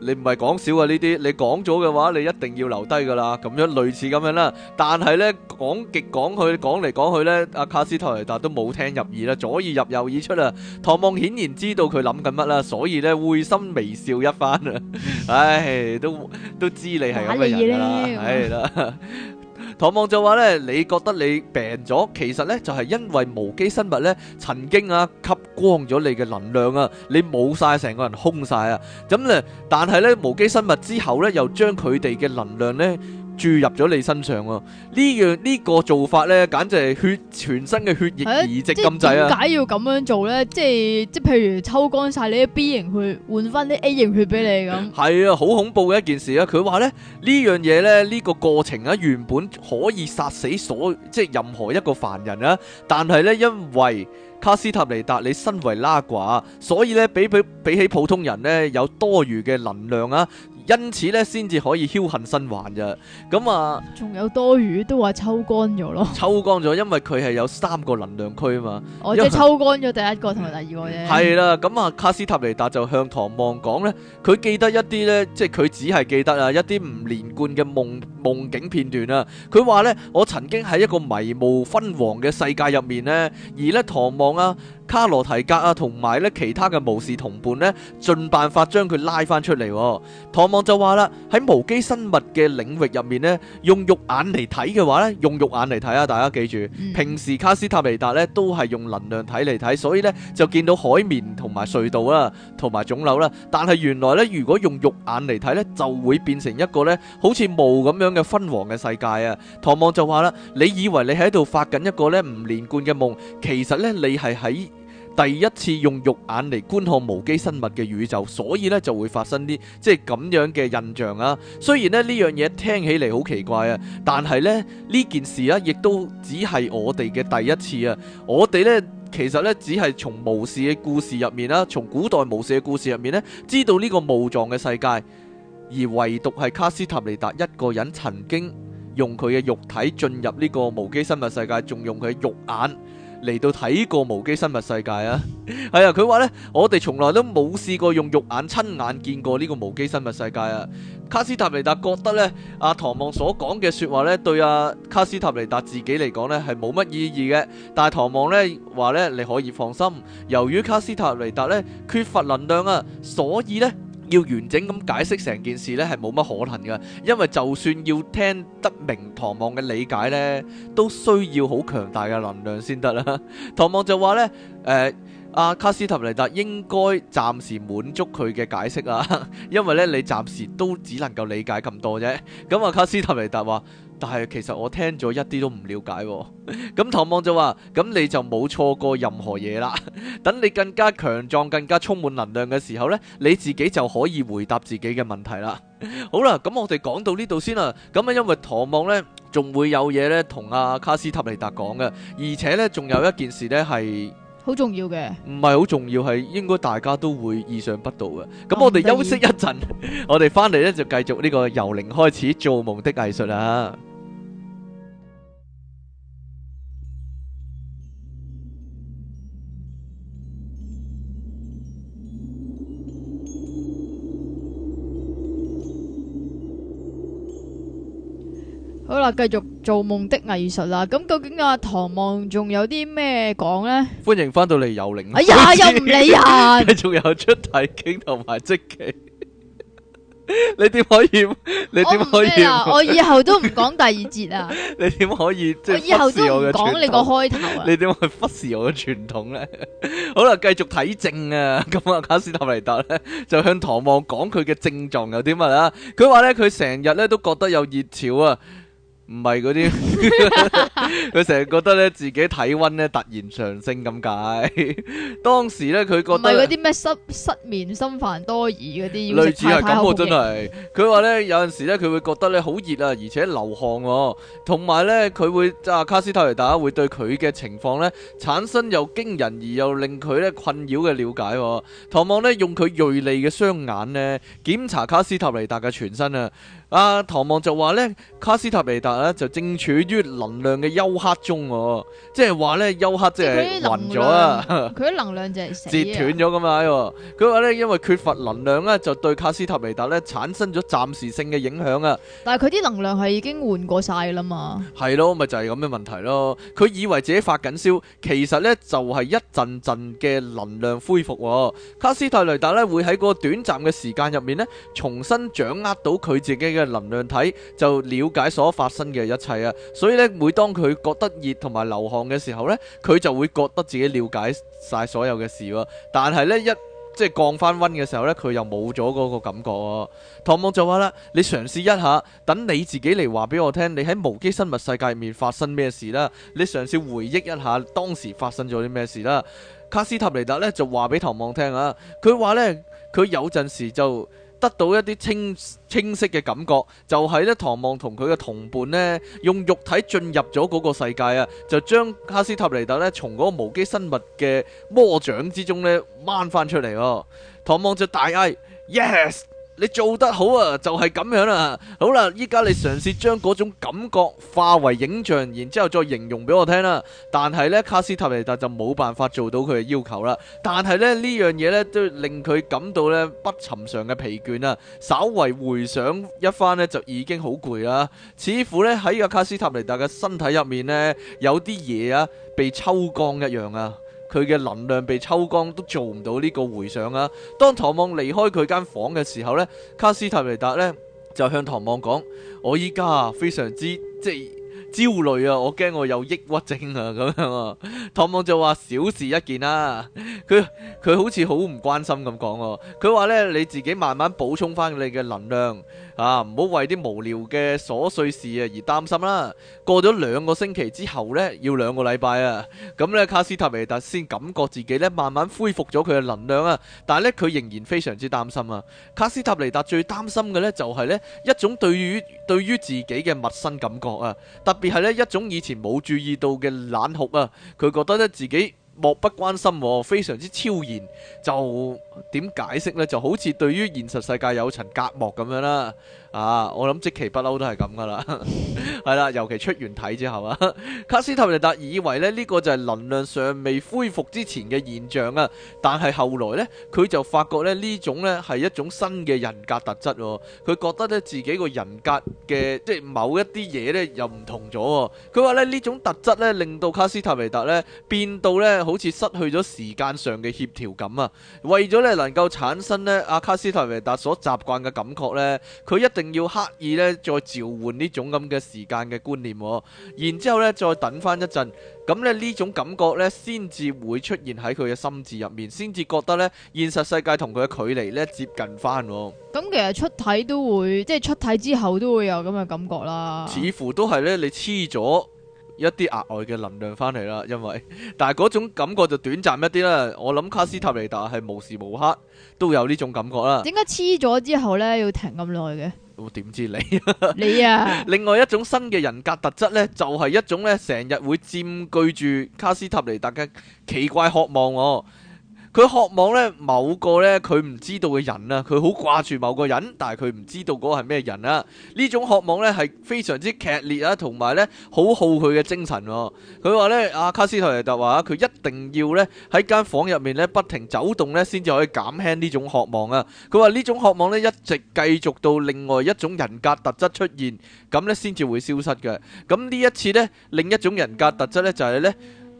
你唔係講笑啊，呢啲，你講咗嘅話，你一定要留低噶啦。咁樣類似咁樣啦。但係呢，講極講去講嚟講去呢，阿卡斯托雷達都冇聽入耳啦，左耳入右耳出啦。唐望顯然知道佢諗緊乜啦，所以呢，會心微笑一番啊。 <laughs> 唉，都都知你係咁嘅人啦。唉啦。 <laughs> 唐望就話咧，你覺得你病咗，其實咧就係因為無機生物咧，曾經啊吸光咗你嘅能量啊，你冇晒成個人空晒啊，咁咧，但係咧無機生物之後咧，又將佢哋嘅能量咧。注入咗你身上啊！呢樣呢個做法呢，簡直係血全身嘅血液移植咁滯啊！點解不要咁樣做呢？即係即係譬如抽乾晒你啲 B 型血，換翻啲 A 型血俾你咁。係啊，好恐怖嘅一件事啊！佢話呢，呢樣嘢呢，呢個過程啊，原本可以殺死所即係任何一個凡人啊，但係呢，因為卡斯塔尼達你身為拉寡，所以呢，比比比起普通人呢，有多餘嘅能量啊！因此咧，先至可以僥倖生還嘅。咁啊，仲有多餘都話抽乾咗咯。抽乾咗，因為佢係有三個能量區啊嘛。哦，即係為抽乾咗第一個同埋第二個啫。係啦、嗯，咁啊，卡斯塔尼達就向唐望講咧，佢記得一啲咧，即係佢只係記得啊一啲唔連貫嘅夢夢境片段啊。佢話咧，我曾經喺一個迷霧昏黃嘅世界入面咧，而咧唐望啊。卡羅提格啊，同埋咧其他嘅武士同伴呢，盡辦法將佢拉翻出嚟、啊。唐望就話啦，喺無機生物嘅領域入面呢，用肉眼嚟睇嘅話呢，用肉眼嚟睇啊！大家記住，嗯、平時卡斯塔尼達呢都係用能量體嚟睇，所以呢就見到海綿同埋隧道啦、啊，同埋腫瘤啦、啊。但係原來呢，如果用肉眼嚟睇呢，就會變成一個呢好似霧咁樣嘅昏黃嘅世界啊！唐望就話啦，你以為你喺度發緊一個呢唔連貫嘅夢，其實呢你係喺。第一次用肉眼嚟觀看無機生物嘅宇宙，所以咧就會發生啲即係咁樣嘅印象啊。雖然咧呢樣嘢聽起嚟好奇怪啊，但係咧呢件事啊，亦都只係我哋嘅第一次啊。我哋呢其實呢，只係從巫士嘅故事入面啦，從古代巫士嘅故事入面呢，知道呢個霧狀嘅世界，而唯獨係卡斯塔尼達一個人曾經用佢嘅肉體進入呢個無機生物世界，仲用佢肉眼。嚟到睇過無機生物世界啊， <laughs> 係啊，佢話呢，我哋從來都冇試過用肉眼親眼見過呢個無機生物世界啊。卡斯塔尼達覺得呢，阿、啊、唐望所講嘅説話呢，對阿、啊、卡斯塔尼達自己嚟講呢，係冇乜意義嘅。但係唐望呢話呢，你可以放心，由於卡斯塔尼達呢缺乏能量啊，所以呢。要完整咁解釋成件事呢，係冇乜可能嘅，因為就算要聽得明唐望嘅理解呢，都需要好強大嘅能量先得啦。唐望就話呢，誒阿卡斯塔尼達應該暫時滿足佢嘅解釋啊，因為呢你暫時都只能夠理解咁多啫。咁阿卡斯塔尼達話。但係其實我聽咗一啲都唔了解，咁 <laughs> 唐望就話：咁你就冇錯過任何嘢啦。 <laughs> 等你更加強壯、更加充滿能量嘅時候呢，你自己就可以回答自己嘅問題啦。 <laughs> 好啦，咁我哋講到呢度先啦。咁啊，因為唐望呢仲會有嘢呢同阿卡斯塔尼達講嘅，而且呢，仲有一件事呢係。好重要嘅，唔係好重要，係應該大家都會意想不到嘅。咁我哋休息一陣，啊、 <laughs> 我哋翻嚟咧就繼續呢個由零開始做夢的藝術啦。繼續做夢的藝術啦。咁究竟阿、啊、唐望仲有啲咩講咧？歡迎翻到嚟，有靈。哎呀，又唔理人，仲 <laughs> 有出體經同埋積奇， <laughs> 你點可以？你點可以？ <laughs> 我以後都唔講第二節啊！ <laughs> 你點可以？我以後都唔講 <laughs> <laughs> 你個開頭。 <laughs> 你點去忽視我嘅傳統咧？ <laughs> 好啦，繼續睇症啊。咁啊，卡斯塔尼達咧就向唐望講佢嘅症狀有啲乜啦？佢話咧佢成日咧都覺得有熱潮啊。唔係嗰啲，佢成日覺得咧自己體溫咧突然上升咁解。當時咧佢覺得唔係嗰啲咩失失眠、心煩、多疑嗰啲。類似係咁喎， <laughs> 真係。佢話咧有陣時咧佢會覺得咧好熱啊，而且流汗喎、啊。同埋咧佢會啊，卡斯塔尼達會對佢嘅情況咧產生又驚人而又令佢咧困擾嘅了解、啊。唐望咧用佢銳利嘅雙眼咧檢查卡斯塔尼達嘅全身啊。啊唐望就話咧，卡斯泰雷達咧就正處於能量嘅休克中，即係話咧休克即係暈咗啊！佢、就、啲能量就係截斷咗咁啊！佢話咧因為缺乏能量咧、啊，就對卡斯泰雷達咧產生咗暫時性嘅影響啊！但係佢啲能量係已經換過晒啦嘛？係咯，咪就係咁嘅問題咯。佢以為自己發緊燒，其實咧就係、是、一陣陣嘅能量恢復、啊。卡斯泰雷達咧會喺個短暫嘅時間入面咧，重新掌握到佢自己嘅。能量體就了解所發生嘅一切啊，所以咧，每當佢覺得熱同埋流汗嘅時候呢，佢就會覺得自己了解晒所有嘅事喎。但係呢，一即係降翻溫嘅時候呢，佢又冇咗嗰個感覺啊。唐望就話啦：「你嘗試一下，等你自己嚟話俾我聽，你喺無機生物世界入面發生咩事啦。你嘗試回憶一下當時發生咗啲咩事啦。卡斯塔尼達呢就話俾唐望聽啊，佢話呢，佢有陣時就。得到一啲清清晰嘅感覺，就係咧，唐望同佢嘅同伴咧，用肉體進入咗嗰個世界啊，就將卡斯塔尼達咧從嗰個無機生物嘅魔掌之中咧掹翻出嚟。唐望就大嗌：Yes！你做得好啊，就係咁樣啦。好啦，依家你嘗試將嗰種感覺化為影像，然之後再形容俾我聽啦。但係呢，卡斯塔尼達就冇辦法做到佢嘅要求啦。但係呢，呢樣嘢呢，都令佢感到呢不尋常嘅疲倦啊。稍微回想一番呢，就已經好攰啊。似乎呢，喺個卡斯塔尼達嘅身體入面呢，有啲嘢啊被抽乾一樣啊。佢嘅能量被抽光，都做唔到呢個回想啊！當唐望離開佢間房嘅時候呢，卡斯塔尼達呢就向唐望講：我依家非常之即焦慮啊！我驚我有抑鬱症啊！咁樣啊，唐望就話小事一件啦，啊。佢 <laughs> 佢好似好唔關心咁講哦。佢話呢，你自己慢慢補充翻你嘅能量。啊！唔好為啲無聊嘅瑣碎事啊而擔心啦。過咗兩個星期之後呢，要兩個禮拜啊。咁呢，卡斯塔尼達先感覺自己呢，慢慢恢復咗佢嘅能量啊。但係呢，佢仍然非常之擔心啊。卡斯塔尼達最擔心嘅呢，就係呢一種對於對於自己嘅陌生感覺啊。特別係呢一種以前冇注意到嘅冷酷啊。佢覺得呢，自己。漠不關心，哦，非常之超然，就點解釋呢？就好似對於現實世界有層隔膜咁樣啦。啊，我諗即其不嬲都係咁噶啦，係 <laughs> 啦，尤其出完體之後啊。 <laughs> 卡斯塔尼達以為咧呢，這個就係能量尚未恢復之前嘅現象啊，但係後來呢，佢就發覺咧呢種呢係一種新嘅人格特質，啊，佢覺得呢自己個人格嘅即係某一啲嘢呢又唔同咗，啊。佢話咧呢種特質呢令到卡斯塔尼達呢變到呢。好似失去咗時間上嘅協調感啊！為咗呢能夠產生呢阿卡斯泰維達所習慣嘅感覺呢，佢一定要刻意呢，再召喚呢種咁嘅時間嘅觀念，然之後呢再等翻一陣，咁呢呢種感覺呢，先至會出現喺佢嘅心智入面，先至覺得呢現實世界同佢嘅距離呢接近翻。咁其實出體都會，即係出體之後都會有咁嘅感覺啦。似乎都係呢，你黐咗。一啲額外嘅能量翻嚟啦，因為，但係嗰種感覺就短暫一啲啦。我諗卡斯塔尼達係無時無刻都有呢種感覺啦。點解黐咗之後呢？要停咁耐嘅？我點、哦、知你？ <laughs> 你啊！另外一種新嘅人格特質呢，就係、是、一種呢成日會佔據住卡斯塔尼達嘅奇怪渴望哦。佢渴望咧某個咧佢唔知道嘅人啊，佢好掛住某個人，但係佢唔知道嗰個係咩人啊。呢種渴望咧係非常之劇烈啊，同埋咧好耗佢嘅精神。佢話咧阿卡斯特尼特話，佢一定要咧喺間房入面咧不停走動咧，先至可以減輕呢種渴望啊。佢話呢種渴望咧一直繼續到另外一種人格特質出現，咁咧先至會消失嘅。咁呢一次咧另一種人格特質咧就係咧。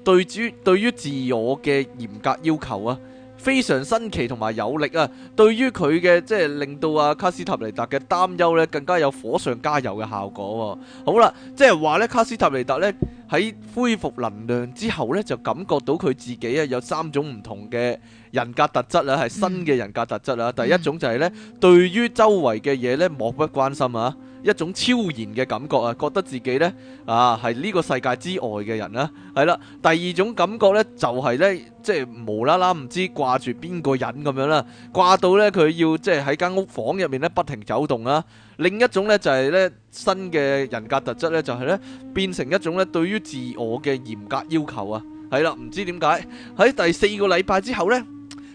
對主對於自我嘅嚴格要求啊，非常新奇同埋有，有力啊！對於佢嘅即係令到阿卡斯塔尼達嘅擔憂呢，更加有火上加油嘅效果喎、啊。好啦，即係話呢，卡斯塔尼達呢，喺恢復能量之後呢，就感覺到佢自己啊有三種唔同嘅人格特質啊，係新嘅人格特質啊。第一種就係呢，對於周圍嘅嘢呢，漠不關心啊。一種超然嘅感覺啊，覺得自己呢啊係呢個世界之外嘅人啦。係啦，第二種感覺呢就係呢，即係無啦啦唔知掛住邊個人咁樣啦，掛到呢，佢要即係喺間屋房入面呢不停走動啊。另一種呢就係呢新嘅人格特質呢就係呢變成一種呢對於自我嘅嚴格要求啊。係啦，唔知點解喺第四個禮拜之後呢。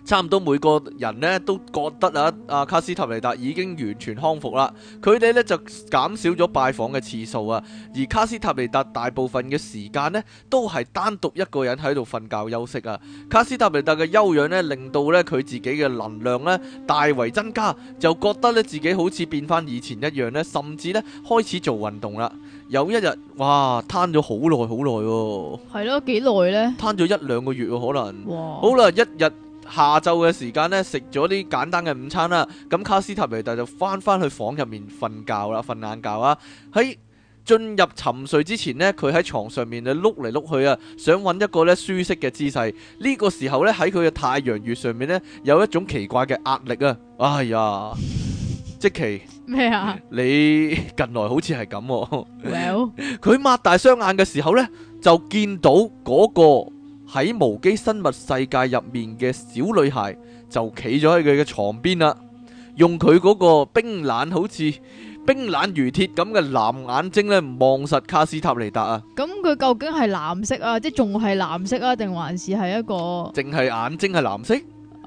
差唔多，每個人呢都覺得啊，阿卡斯塔尼達已經完全康復啦。佢哋呢就減少咗拜訪嘅次數啊。而卡斯塔尼達大部分嘅時間呢，都係單獨一個人喺度瞓覺休息啊。卡斯塔尼達嘅休養呢，令到呢佢自己嘅能量呢大為增加，就覺得呢自己好似變翻以前一樣呢，甚至呢開始做運動啦。有一日，哇，癱咗好耐好耐喎。係咯，幾耐呢？癱咗一兩個月可能。哇！好啦，一日。下晝嘅時間呢，食咗啲簡單嘅午餐啦。咁卡斯塔特就翻翻去房入面瞓覺啦，瞓晏覺啊。喺進入沉睡之前呢，佢喺床上面啊碌嚟碌去啊，想揾一個咧舒適嘅姿勢。呢、這個時候咧，喺佢嘅太陽穴上面咧有一種奇怪嘅壓力啊。哎呀，即其咩啊？ <laughs> 你近來好似係咁。Well，佢擘大雙眼嘅時候咧，就見到嗰、那個。喺無機生物世界入面嘅小女孩就企咗喺佢嘅床邊啦，用佢嗰個冰冷、好似冰冷如鐵咁嘅藍眼睛咧望實卡斯塔尼達啊！咁佢究竟係藍色啊，即係仲係藍色啊，定還是係一個？淨係眼睛係藍色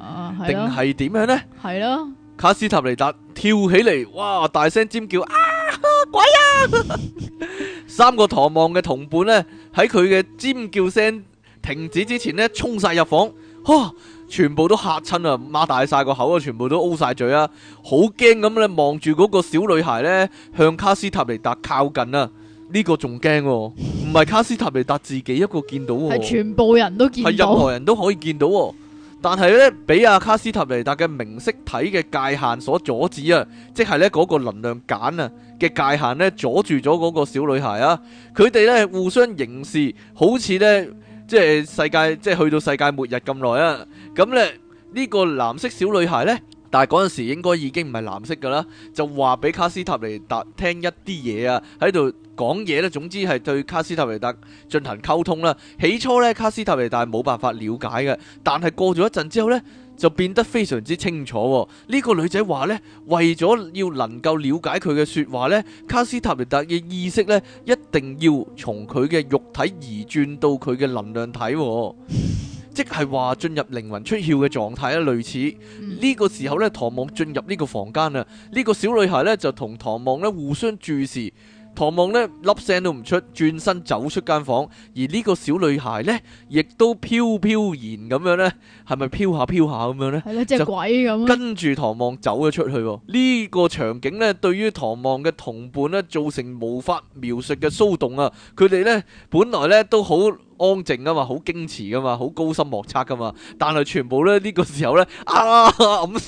啊？定係點樣咧？係咯！卡斯塔尼達跳起嚟，哇！大聲尖叫啊！鬼啊！三個唐望嘅同伴咧喺佢嘅尖叫聲停止之前呢，衝晒入房，嘩！全部都嚇親啊，擘大晒個口啊，全部都 O 晒嘴啊，好驚咁咧，望住嗰個小女孩呢，向卡斯塔尼達靠近啊！呢個仲驚，唔係卡斯塔尼達自己一個見到喎，全部人都見到，係任何人都可以見到。但係呢，俾阿卡斯塔尼達嘅明識體嘅界限所阻止啊，即係呢嗰個能量繭啊嘅界限呢，阻住咗嗰個小女孩啊，佢哋呢，互相凝視，好似呢。即係世界，即係去到世界末日咁耐啊！咁咧呢個藍色小女孩呢，但係嗰陣時應該已經唔係藍色噶啦，就話俾卡斯塔尼達聽一啲嘢啊，喺度講嘢咧，總之係對卡斯塔尼達進行溝通啦。起初呢，卡斯塔尼達冇辦法了解嘅，但係過咗一陣之後呢。就變得非常之清楚喎。呢個女仔話呢，為咗要能夠了解佢嘅説話呢，卡斯塔尼達嘅意識呢，一定要從佢嘅肉體移轉到佢嘅能量體，即係話進入靈魂出竅嘅狀態啦。類似呢個時候呢，唐望進入呢個房間啦，呢個小女孩呢，就同唐望咧互相注視。唐望呢粒聲都唔出，轉身走出間房，而呢個小女孩呢，亦都飄飄然咁樣呢，係咪飄下飄下咁樣呢？係 <noise> 咯樂，隻鬼咁。跟住唐望走咗出去，呢個場景呢，對於唐望嘅同伴呢，造成無法描述嘅騷動啊！佢哋呢，本來呢都好。安靜啊嘛，好矜持噶嘛，好高深莫測噶嘛，但係全部咧呢、呢個時候呢，啊，揞住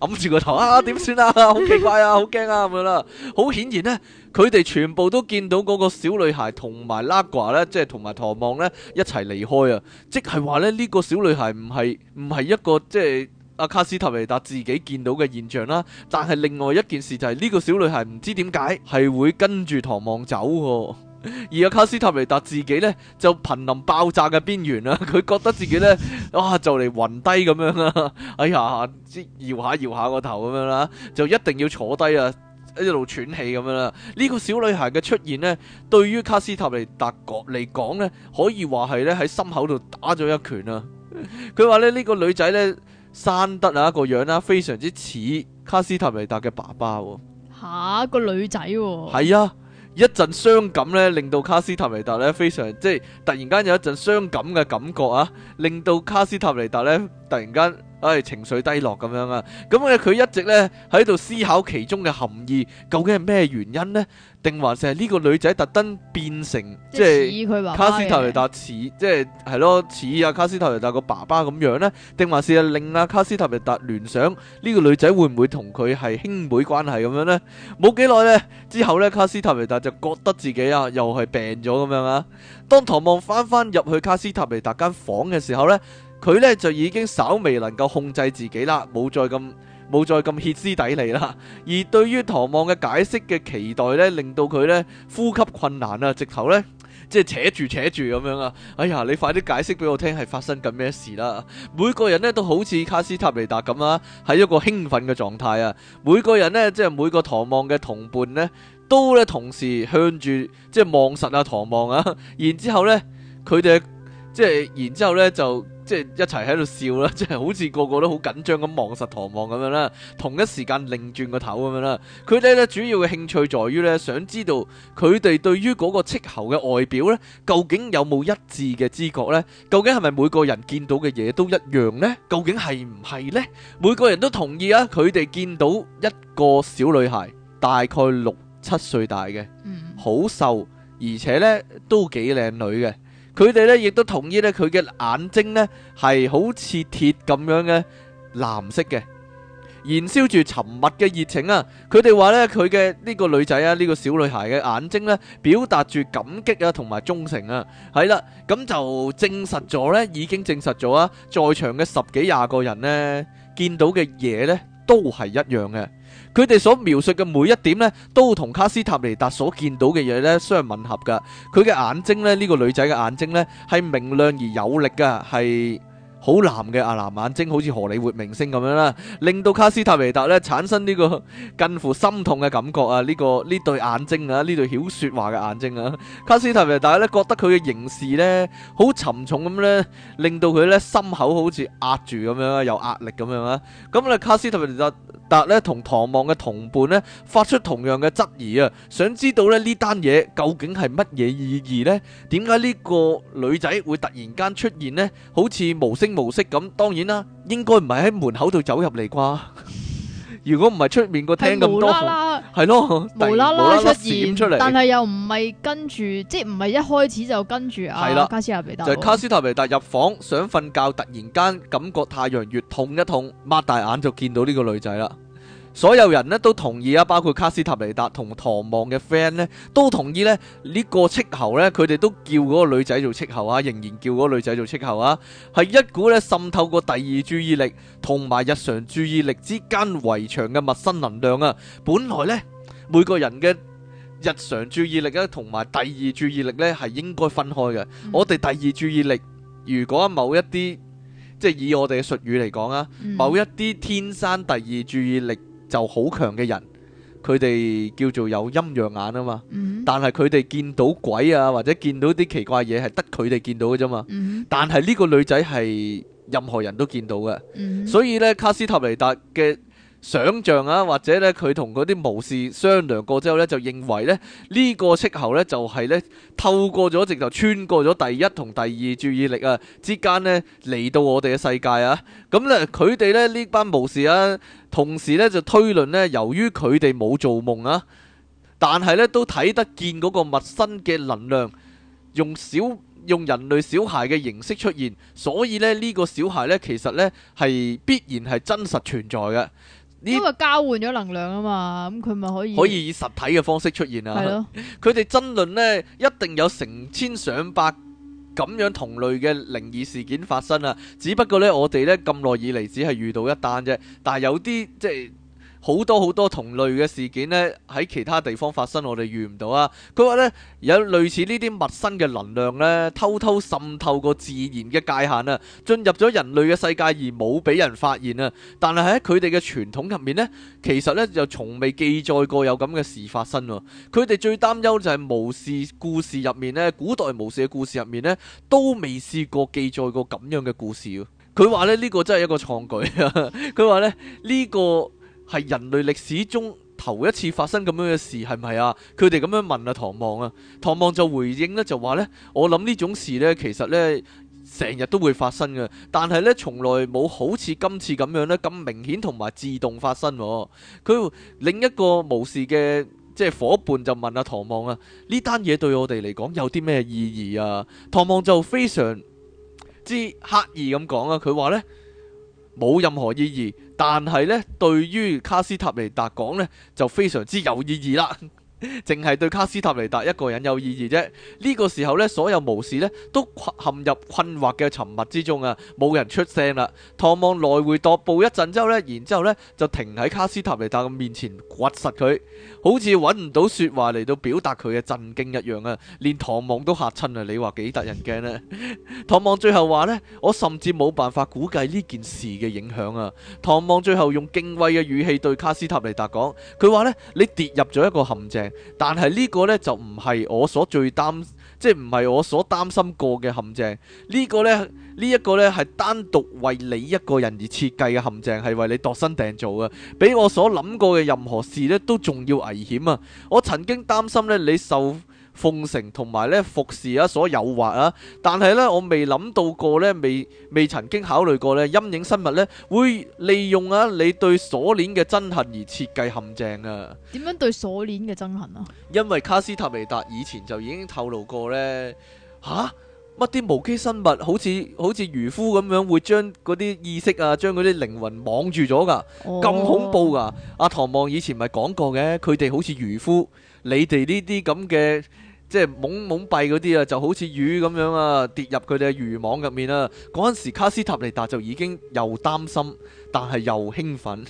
揞住個頭啊，點、啊、算啊，好奇怪啊，好驚啊咁樣啦。好、就是、顯然呢，佢哋全部都見到嗰個小女孩同埋拉瓜呢，即係同埋唐望呢一齊離開啊。即係話呢，呢、呢個小女孩唔係唔係一個即係阿卡斯塔尼達自己見到嘅現象啦。但係另外一件事就係呢個小女孩唔知點解係會跟住唐望走。而阿卡斯塔尼達自己咧就瀕臨爆炸嘅邊緣啦，佢覺得自己咧啊就嚟暈低咁樣啦，哎呀，搖下搖下個頭咁樣啦，就一定要坐低啊，一路喘氣咁樣啦。呢、這個小女孩嘅出現呢，對於卡斯塔尼達講嚟講呢，可以話係咧喺心口度打咗一拳啦。佢話咧呢、這個女仔咧生得啊個樣啦，非常之似卡斯塔尼達嘅爸爸。吓個女仔，哦？係啊。一陣傷感咧，令到卡斯塔尼達咧非常，即係突然間有一陣傷感嘅感覺啊，令到卡斯塔尼達咧突然間。唉、哎，情緒低落咁樣啊！咁咧，佢一直咧喺度思考其中嘅含義，究竟係咩原因呢？定還是係呢個女仔特登變成即係是卡斯塔尼達似，即係係咯似阿卡斯塔尼達個爸爸咁樣呢？定還是係令阿卡斯塔尼達聯想呢、呢個女仔會唔會同佢係兄妹關係咁樣呢？冇幾耐呢之後呢，卡斯塔尼達就覺得自己啊又係病咗咁樣啊！當唐望翻翻入去卡斯塔尼達間房嘅時候呢。佢咧就已經稍微能夠控制自己啦，冇再咁冇再咁歇斯底里啦。而對於唐望嘅解釋嘅期待咧，令到佢咧呼吸困難啊，直頭咧即係扯住扯住咁樣啊！哎呀，你快啲解釋俾我聽，係發生緊咩事啦？每個人咧都好似卡斯塔尼達咁啦，喺一個興奮嘅狀態啊！每個人咧即係每個唐望嘅同伴咧，都咧同時向住即係望實啊唐望啊！然之後咧佢哋。即係，然之後咧就即係一齊喺度笑啦，即係好似個個都好緊張咁望實台望咁樣啦，同一時間擰轉個頭咁樣啦。佢哋咧主要嘅興趣在於咧，想知道佢哋對於嗰個赤猴嘅外表咧，究竟有冇一致嘅知覺咧？究竟係咪每個人見到嘅嘢都一樣咧？究竟係唔係咧？每個人都同意啊！佢哋見到一個小女孩，大概六七歲大嘅，嗯，好瘦，而且咧都幾靚女嘅。佢哋呢亦都同意呢，佢嘅眼睛呢係好似鐵咁樣嘅藍色嘅，燃燒住沉默嘅熱情啊！佢哋話呢，佢嘅呢個女仔啊，呢個小女孩嘅眼睛呢，表達住感激啊，同埋忠誠啊，係啦，咁就證實咗呢，已經證實咗啊！在場嘅十幾廿個人呢，見到嘅嘢呢都係一樣嘅。佢哋所描述嘅每一點呢，都同卡斯塔尼達所見到嘅嘢呢相吻合噶。佢嘅眼睛呢，呢個女仔嘅眼睛呢，係明亮而有力嘅，係。好藍嘅啊，藍眼睛好似荷里活明星咁樣啦，令到卡斯塔維達咧產生呢、這個近乎心痛嘅感覺啊！呢、這個呢對眼睛啊，呢對曉說話嘅眼睛啊，卡斯塔維達咧覺得佢嘅凝視咧好沉重咁咧，令到佢咧心口好似壓住咁樣啊，有壓力咁樣啊！咁、嗯、咧卡斯塔維達達咧同唐望嘅同伴咧發出同樣嘅質疑啊，想知道咧呢單嘢究竟係乜嘢意義咧？點解呢個女仔會突然間出現咧？好似無聲。模式咁，當然啦，應該唔係喺門口度走入嚟啩？如果唔係出面個廳咁多，係咯，無啦啦出現出嚟，但係又唔係跟住，即係唔係一開始就跟住啊？係啦，卡斯達比達就卡斯達比達入房想瞓覺，突然間感覺太陽穴痛一痛，擘大眼就見到呢個女仔啦。所有人呢都同意啊，包括卡斯塔尼達同唐望嘅 friend 咧都同意呢。呢、這個斥候呢，佢哋都叫嗰個女仔做斥候啊，仍然叫嗰個女仔做斥候啊，係一股呢滲透過第二注意力同埋日常注意力之間圍牆嘅陌生能量啊！本來呢，每個人嘅日常注意力咧同埋第二注意力呢係應該分開嘅。嗯、我哋第二注意力如果某一啲即係以我哋嘅術語嚟講啊，嗯、某一啲天生第二注意力。就好強嘅人，佢哋叫做有陰陽眼啊嘛，mm hmm. 但係佢哋見到鬼啊，或者見到啲奇怪嘢係得佢哋見到嘅啫嘛，mm hmm. 但係呢個女仔係任何人都見到嘅，mm hmm. 所以呢，卡斯塔尼達嘅。想象啊，或者呢，佢同嗰啲巫士商量過之後呢，就認為呢呢個斥候呢，這個、就係呢透過咗直頭穿過咗第一同第二注意力啊之間呢，嚟到我哋嘅世界啊，咁、嗯、呢，佢哋呢呢班巫士啊，同時呢，就推論呢，由於佢哋冇做夢啊，但係呢，都睇得見嗰個陌生嘅能量，用小用人類小孩嘅形式出現，所以呢，呢、這個小孩呢，其實呢，係必然係真實存在嘅。因為交換咗能量啊嘛，咁佢咪可以可以以實體嘅方式出現啊！係咯！佢哋爭論呢，一定有成千上百咁樣同類嘅靈異事件發生啊！只不過呢，我哋呢咁耐以嚟只係遇到一單啫，但係有啲即係。好多好多同類嘅事件呢，喺其他地方發生，我哋遇唔到啊！佢話呢，有類似呢啲陌生嘅能量呢，偷偷滲透過自然嘅界限啊，進入咗人類嘅世界而冇俾人發現啊！但係喺佢哋嘅傳統入面呢，其實呢，就從未記載過有咁嘅事發生喎。佢哋最擔憂就係巫士故事入面呢，古代巫士嘅故事入面呢，都未試過記載過咁樣嘅故事。佢話呢，呢個真係一個創舉啊！佢話呢，呢個。係人類歷史中頭一次發生咁樣嘅事，係咪啊？佢哋咁樣問阿唐望啊，唐望就回應咧，就話呢：「我諗呢種事呢，其實呢成日都會發生嘅，但係呢，從來冇好似今次咁樣呢咁明顯同埋自動發生。」佢另一個無視嘅即係伙伴就問阿、啊、唐望啊，呢單嘢對我哋嚟講有啲咩意義啊？唐望就非常之刻意咁講啊，佢話呢冇任何意義。但係咧，對於卡斯塔尼達講咧，就非常之有意義啦。淨係對卡斯塔尼達一個人有意義啫。呢個時候呢，所有武士呢都陷入困惑嘅沉默之中啊，冇人出聲啦。唐望來回踱步一陣之後呢，然之後咧就停喺卡斯塔尼達嘅面前掘實佢，好似揾唔到說話嚟到表達佢嘅震驚一樣啊。連唐望都吓親啊！你話幾得人驚咧？唐望最後話呢，我甚至冇辦法估計呢件事嘅影響啊。唐望最後用敬畏嘅語氣對卡斯塔尼達講，佢話呢：「你跌入咗一個陷阱。但係呢個呢，就唔係我所最擔，即係唔係我所擔心過嘅陷阱。呢個、呢、呢個呢，呢一個呢係單獨為你一個人而設計嘅陷阱，係為你度身訂造嘅，比我所諗過嘅任何事呢，都仲要危險啊！我曾經擔心呢，你受。奉承同埋咧服侍啊，所誘惑啊，但係咧我未諗到過咧，未未曾經考慮過咧陰影生物咧會利用啊你對鎖鏈嘅憎恨而設計陷阱啊！點樣對鎖鏈嘅憎恨啊？因為卡斯塔尼達以前就已經透露過咧，嚇乜啲無機生物好似好似漁夫咁樣，會將嗰啲意識啊，將嗰啲靈魂綁住咗噶，咁恐怖噶！阿唐望以前咪講過嘅，佢哋好似漁夫，你哋呢啲咁嘅。即係懵懵閉嗰啲啊，就好似魚咁樣啊，跌入佢哋嘅漁網入面啦、啊。嗰陣時，卡斯塔尼達就已經又擔心，但係又興奮，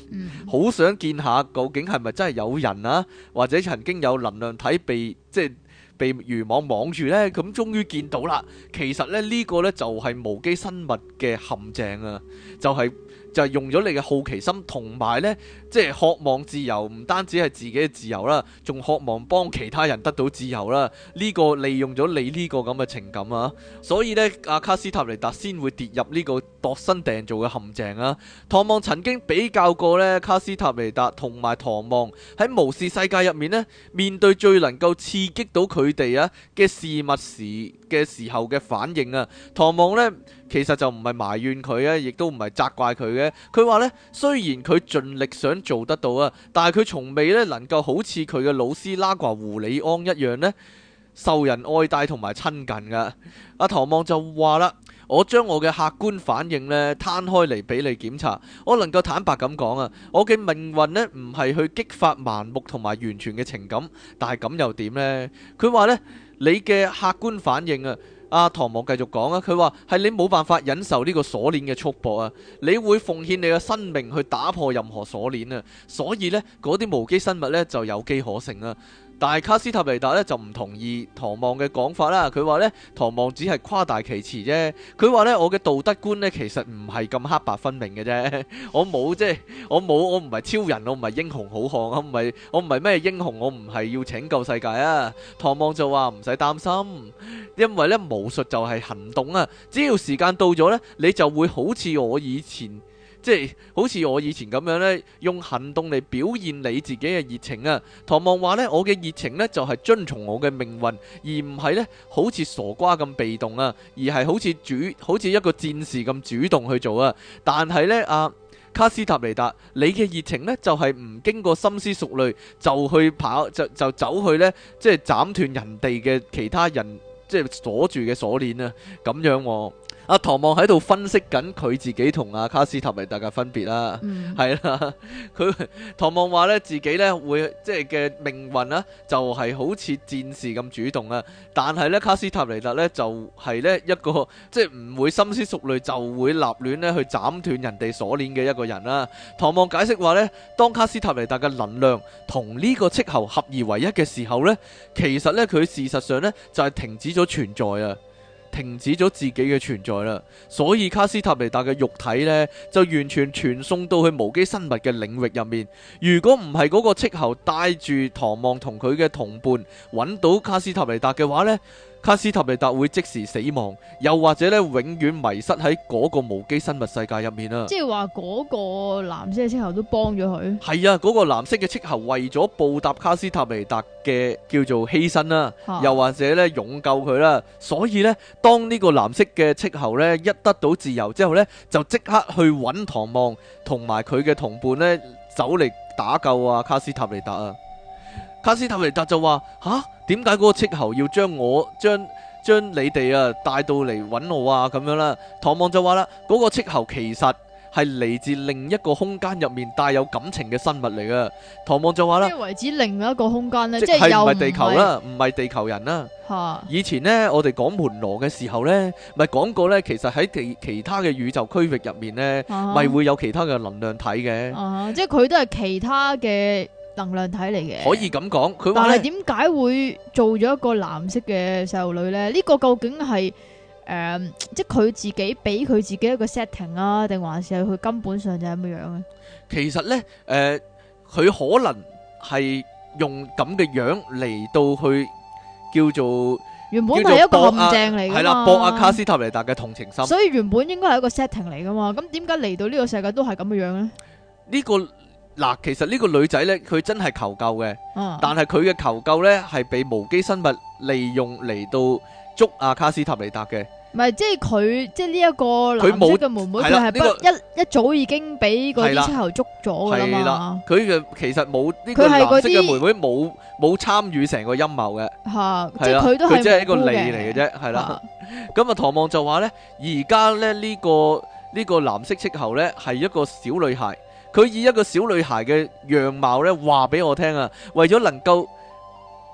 好、嗯、想見下究竟係咪真係有人啊，或者曾經有能量體被即係被漁網網住呢。咁終於見到啦。其實呢呢個呢，這個、就係無機生物嘅陷阱啊，就係、是。就係用咗你嘅好奇心，同埋呢，即係渴望自由，唔單止係自己嘅自由啦，仲渴望幫其他人得到自由啦。呢、這個利用咗你呢個咁嘅情感啊，所以呢，阿、啊、卡斯塔尼達先會跌入呢個度身訂造嘅陷阱啊。唐望曾經比較過呢，卡斯塔尼達同埋唐望喺無視世界入面，呢面對最能夠刺激到佢哋啊嘅事物時嘅時候嘅反應啊，唐望呢其實就唔係埋怨佢咧，亦都唔係責怪佢嘅。佢話呢，雖然佢盡力想做得到啊，但係佢從未呢能夠好似佢嘅老師拉掛胡里安一樣呢，受人愛戴同埋親近噶。阿、啊、唐望就話啦，我將我嘅客觀反應呢攤開嚟俾你檢查，我能夠坦白咁講啊，我嘅命運呢唔係去激發盲目同埋完全嘅情感，但係咁又點呢？佢話呢。你嘅客觀反應啊，阿唐望繼續講啊，佢話係你冇辦法忍受呢個鎖鏈嘅束縛啊，你會奉獻你嘅生命去打破任何鎖鏈啊，所以呢，嗰啲無機生物呢，就有機可乘啊。但係卡斯塔尼達咧就唔同意唐望嘅講法啦，佢話咧唐望只係誇大其詞啫。佢話咧我嘅道德觀咧其實唔係咁黑白分明嘅啫，我冇即係我冇我唔係超人，我唔係英雄好漢，我唔係我唔係咩英雄，我唔係要拯救世界啊。唐望就話唔使擔心，因為咧巫術就係行動啊，只要時間到咗咧，你就會好似我以前。即係好似我以前咁樣呢，用行動嚟表現你自己嘅熱情啊！唐望話呢，我嘅熱情呢，就係、是、遵從我嘅命運，而唔係呢，好似傻瓜咁被動啊，而係好似主，好似一個戰士咁主動去做啊！但係呢，阿、啊、卡斯塔尼達，你嘅熱情呢，就係、是、唔經過深思熟慮就去跑，就就走去呢，即係斬斷人哋嘅其他人，即係鎖住嘅鎖鏈啊！咁樣喎、啊。阿唐望喺度分析緊佢自己同阿卡斯塔尼達嘅分別啦，係啦、嗯，佢 <laughs> 唐望話咧自己咧會即係嘅命運啦，就係好似戰士咁主動啊，但係咧卡斯塔尼達咧就係咧一個即係唔會深思熟慮就會立亂咧去斬斷人哋鎖鏈嘅一個人啦。唐望解釋話咧，當卡斯塔尼達嘅能量同呢個斥候合二為一嘅時候咧，其實咧佢事實上咧就係、是、停止咗存在啊。停止咗自己嘅存在啦，所以卡斯塔尼達嘅肉體呢，就完全傳送到去無機生物嘅領域入面。如果唔係嗰個斥候帶住唐望同佢嘅同伴揾到卡斯塔尼達嘅話呢。卡斯塔尼達會即時死亡，又或者咧永遠迷失喺嗰個無機生物世界入面啦、啊。即係話嗰個藍色嘅斥候都幫咗佢。係啊，嗰、那個藍色嘅斥候為咗報答卡斯塔尼達嘅叫做犧牲啦、啊，又或者咧營救佢啦、啊，所以呢，當呢個藍色嘅斥候咧一得到自由之後咧，就即刻去揾唐望同埋佢嘅同伴咧走嚟打救啊卡斯塔尼達啊！卡斯塔尼達就話：吓，點解嗰個斥候要將我、將將你哋啊帶到嚟揾我啊咁樣啦？唐望就話啦，嗰、嗰個斥候其實係嚟自另一個空間入面帶有感情嘅生物嚟嘅。唐望就話啦，即係為止另外一個空間呢，即係又唔係地球啦，唔係地球人啦。哈 以前呢，我哋講門羅嘅時候呢，咪講過呢，其實喺地其、其他嘅宇宙區域入面呢，咪、啊、哈 會有其他嘅能量體嘅。哦、啊，即係佢都係其他嘅。能量體嚟嘅，可以咁講。佢話係，但係點解會做咗一個藍色嘅細路女咧？呢個究竟係誒，即係佢自己俾佢自己一個 setting 啊，定還是係佢根本上就係咁嘅樣嘅？其實咧，誒，佢可能係用咁嘅樣嚟到去叫做原本係一個陷阱嚟嘅，係啦，博阿卡斯塔尼達嘅同情心。所以原本應該係一個 setting 嚟噶嘛？咁點解嚟到呢個世界都係咁嘅樣咧？呢個。嗱，其實呢個女仔咧，佢真係求救嘅，但係佢嘅求救咧，係被無機生物利用嚟到捉阿卡斯塔尼達嘅。唔係，即係佢，即係呢一個藍色嘅妹妹，佢係不一一早已經俾嗰啲斥候捉咗噶啦嘛。佢嘅其實冇呢個藍色嘅妹妹冇冇參與成個陰謀嘅。吓，即係佢都係佢即係一個利嚟嘅啫，係啦。咁啊，唐望就話咧，而家咧呢個呢個藍色斥候咧係一個小女孩。佢以一個小女孩嘅樣貌咧，話俾我聽啊，為咗能夠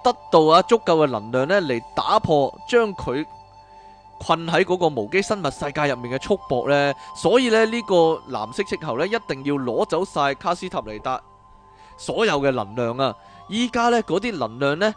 得到啊足夠嘅能量咧，嚟打破將佢困喺嗰個無機生物世界入面嘅束縛咧，所以咧呢個藍色斥候咧，一定要攞走晒卡斯塔尼達所有嘅能量啊！依家咧嗰啲能量咧，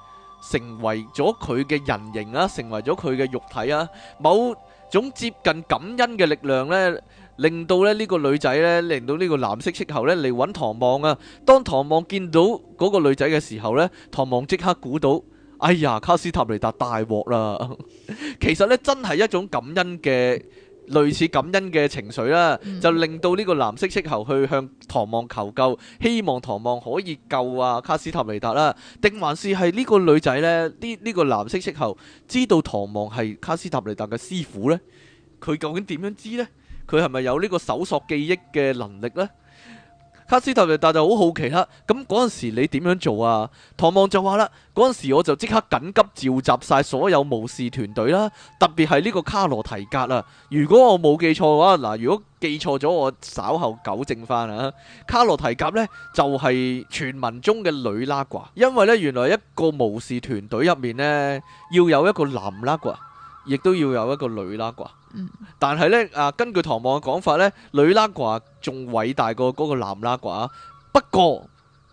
成為咗佢嘅人形啊，成為咗佢嘅肉體啊，冇。種接近感恩嘅力量咧，令到咧呢個女仔咧，令到呢個藍色斥候咧嚟揾唐望啊。當唐望見到嗰個女仔嘅時候咧，唐望即刻估到，哎呀，卡斯塔尼達大鑊啦！ <laughs> 其實呢，真係一種感恩嘅。 <laughs> 類似感恩嘅情緒啦，就令到呢個藍色斥候去向唐望求救，希望唐望可以救啊卡斯塔尼達啦，定還是係呢個女仔咧？呢呢、呢個藍色斥候知道唐望係卡斯塔尼達嘅師傅呢？佢究竟點樣知呢？佢係咪有呢個搜索記憶嘅能力呢？卡斯特利大就好好奇啦，咁嗰陣時你點樣做啊？唐望就話啦，嗰陣時我就即刻緊急召集晒所有武士團隊啦，特別係呢個卡羅提格啊。如果我冇記錯嘅話，嗱，如果記錯咗，我稍後糾正翻啊。卡羅提格呢就係傳聞中嘅女拉掛，因為呢，原來一個武士團隊入面呢，要有一個男拉掛。亦都要有一個女啦呱，但係咧啊，根據唐望嘅講法咧，女啦呱仲偉大過嗰個男啦呱。不過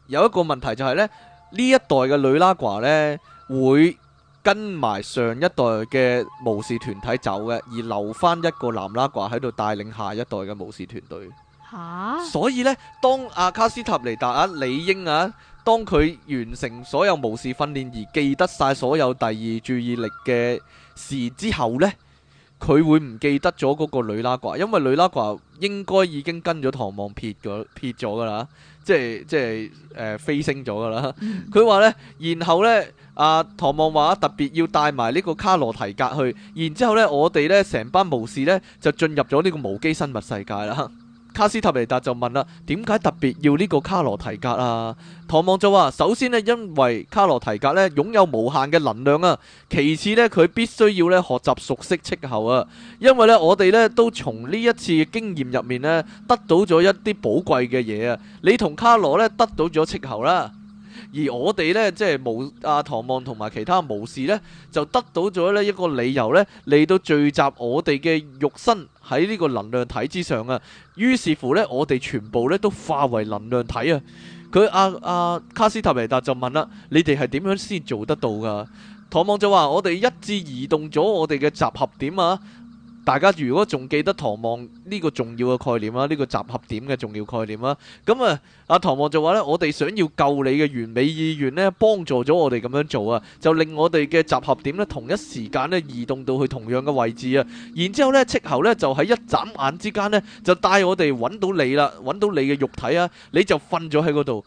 有一個問題就係咧，呢一代嘅女啦呱咧會跟埋上一代嘅武士團體走嘅，而留翻一個男啦呱喺度帶領下一代嘅武士團隊。吓，所以咧，當阿卡斯塔尼達啊理應啊，當佢完成所有武士訓練而記得晒所有第二注意力嘅。事之後呢，佢會唔記得咗嗰個女拉瓜，因為女拉瓜應該已經跟咗唐望撇咗撇咗噶啦，即係即係誒、呃、飛升咗噶啦。佢話呢，然後呢，阿、啊、唐望話特別要帶埋呢個卡羅提格去，然之後呢，我哋呢成班巫師呢，就進入咗呢個無機生物世界啦。卡斯塔尼達就問啦，點解特別要呢個卡羅提格啊？唐望就話：首先咧，因為卡羅提格咧擁有無限嘅能量啊；其次咧，佢必須要咧學習熟悉戚候啊。因為咧，我哋咧都從呢一次嘅經驗入面咧，得到咗一啲寶貴嘅嘢啊。你同卡羅咧得到咗戚候啦。而我哋呢，即係無阿、啊、唐望同埋其他巫師呢，就得到咗咧一個理由呢，嚟到聚集我哋嘅肉身喺呢個能量體之上啊。於是乎呢，我哋全部呢都化為能量體啊。佢阿阿卡斯塔尼達就問啦，你哋係點樣先做得到噶？唐望就話，我哋一致移動咗我哋嘅集合點啊。大家如果仲記得唐望呢個重要嘅概念啊，呢個集合點嘅重要概念啊，咁啊，阿唐望就話呢，我哋想要救你嘅完美意願呢，幫助咗我哋咁樣做啊，就令我哋嘅集合點呢同一時間呢移動到去同樣嘅位置啊，然之後呢，斥候呢就喺一眨眼之間呢，就帶我哋揾到你啦，揾到你嘅肉體啊，你就瞓咗喺嗰度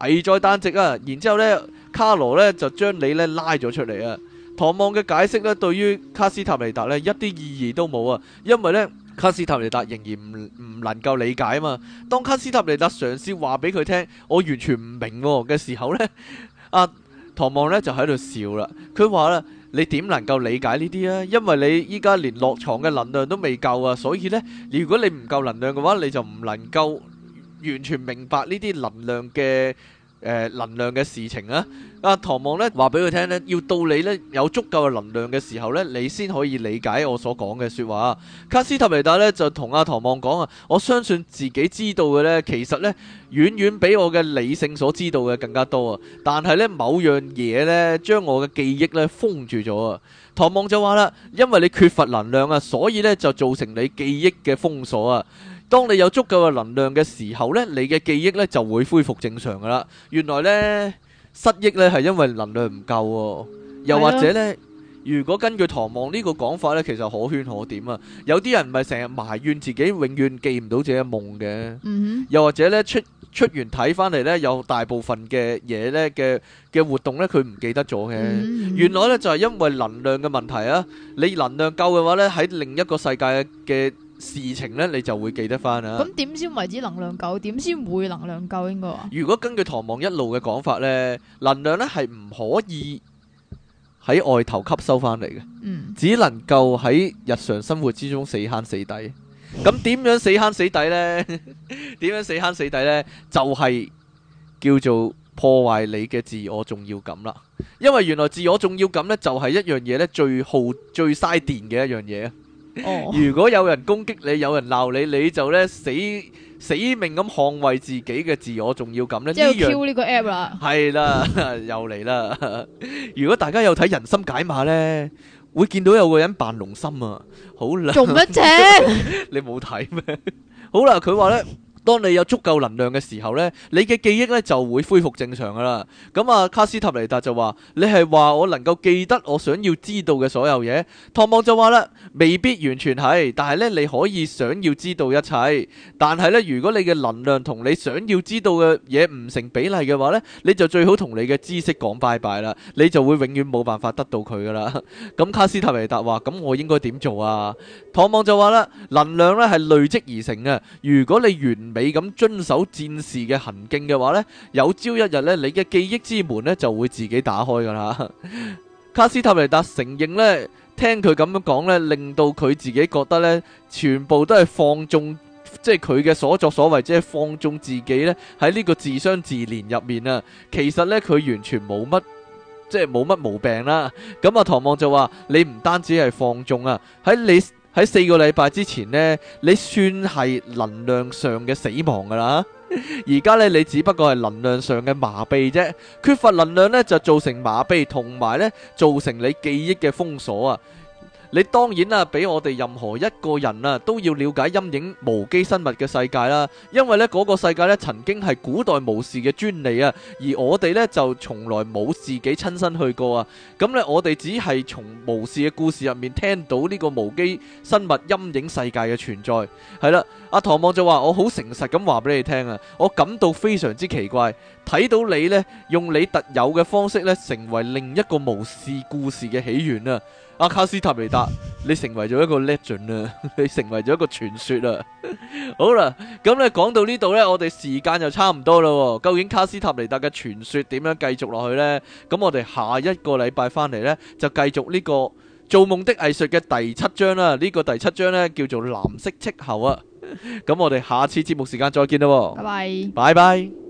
危在旦夕啊，然之後呢，卡羅呢就將你呢拉咗出嚟啊。唐望嘅解釋咧，對於卡斯塔尼達咧一啲意義都冇啊，因為咧卡斯塔尼達仍然唔唔能夠理解啊嘛。當卡斯塔尼達嘗試話俾佢聽，我完全唔明嘅時候咧，阿唐望咧就喺度笑啦。佢話啦：你點能夠理解呢啲啊？因為你依家連落牀嘅能量都未夠啊，所以咧，如果你唔夠能量嘅話，你就唔能夠完全明白呢啲能量嘅。誒，能量嘅事情啊，阿唐望呢話俾佢聽呢，要到你呢有足夠嘅能量嘅時候呢，你先可以理解我所講嘅說話。卡斯特尼達呢就同阿唐望講啊，我相信自己知道嘅呢，其實呢遠遠比我嘅理性所知道嘅更加多啊。但係呢某樣嘢呢將我嘅記憶呢封住咗啊。唐望就話啦，因為你缺乏能量啊，所以呢就造成你記憶嘅封鎖啊。當你有足夠嘅能量嘅時候呢，你嘅記憶呢就會恢復正常噶啦。原來呢失憶呢係因為能量唔夠，又或者呢，如果根據唐望呢個講法呢，其實可圈可點啊。有啲人唔係成日埋怨自己永遠記唔到自己嘅夢嘅，又或者呢出出完睇翻嚟呢，有大部分嘅嘢呢嘅嘅活動呢，佢唔記得咗嘅。原來呢就係因為能量嘅問題啊！你能量夠嘅話呢，喺另一個世界嘅。事情咧，你就會記得翻啦。咁點先為止能量夠？點先會能量夠？應該話，如果根據唐望一路嘅講法咧，能量咧係唔可以喺外頭吸收翻嚟嘅，嗯，只能夠喺日常生活之中死慳死抵。咁點樣死慳死抵咧？點樣死慳死抵咧？就係叫做破壞你嘅自我重要感啦。因為原來自我重要感咧，就係一樣嘢咧最耗最嘥電嘅一樣嘢啊！哦、如果有人攻擊你，有人鬧你，你就咧死死命咁捍衛自己嘅自我重要感咧。即係叫呢個 error 係啦，了 <laughs> 又嚟啦。如果大家有睇《人心解碼》咧，會見到有個人扮龍心啊，好啦，做乜啫？ <laughs> 你冇睇咩？好啦，佢話咧。 <laughs> 當你有足夠能量嘅時候咧，你嘅記憶咧就會恢復正常噶啦。咁啊，卡斯塔尼達就話：你係話我能夠記得我想要知道嘅所有嘢。唐望就話啦，未必完全係，但係咧你可以想要知道一切。但係咧，如果你嘅能量同你想要知道嘅嘢唔成比例嘅話咧，你就最好同你嘅知識講拜拜啦，你就會永遠冇辦法得到佢噶啦。咁卡斯塔尼達話：咁我應該點做啊？唐望就話啦，能量咧係累積而成嘅，如果你完美咁遵守戰士嘅行徑嘅話呢，有朝一日呢，你嘅記憶之門呢就會自己打開噶啦。卡斯塔尼達承認呢，聽佢咁樣講呢，令到佢自己覺得呢，全部都係放縱，即係佢嘅所作所為，即係放縱自己呢。喺呢個自傷自憐入面啊。其實呢，佢完全冇乜，即係冇乜毛病啦。咁啊，唐望就話：你唔單止係放縱啊，喺你。喺四個禮拜之前呢，你算係能量上嘅死亡噶啦，而家咧你只不過係能量上嘅麻痹啫，缺乏能量咧就造成麻痹，同埋咧造成你記憶嘅封鎖啊！你當然啦、啊，比我哋任何一個人啊都要了解陰影無機生物嘅世界啦，因為呢嗰、呢個世界呢曾經係古代巫師嘅專利啊，而我哋呢，就從來冇自己親身去過啊，咁呢，我哋只係從巫師嘅故事入面聽到呢個無機生物陰影世界嘅存在，係啦，阿唐望就話：我好誠實咁話俾你聽啊，我感到非常之奇怪，睇到你呢，用你特有嘅方式呢，成為另一個巫師故事嘅起源啊！阿、啊、卡斯塔尼達，你成為咗一個 legend 啦， <laughs> 你成為咗一個傳說啦。 <laughs> 好啦，咁咧講到呢度呢，我哋時間就差唔多啦。究竟卡斯塔尼達嘅傳說點樣繼續落去呢？咁我哋下一個禮拜翻嚟呢，就繼續呢個做夢的藝術嘅第七章啦。呢、這個第七章呢，叫做藍色斥候啊。咁 <laughs> 我哋下次節目時間再見啦。拜拜，拜拜。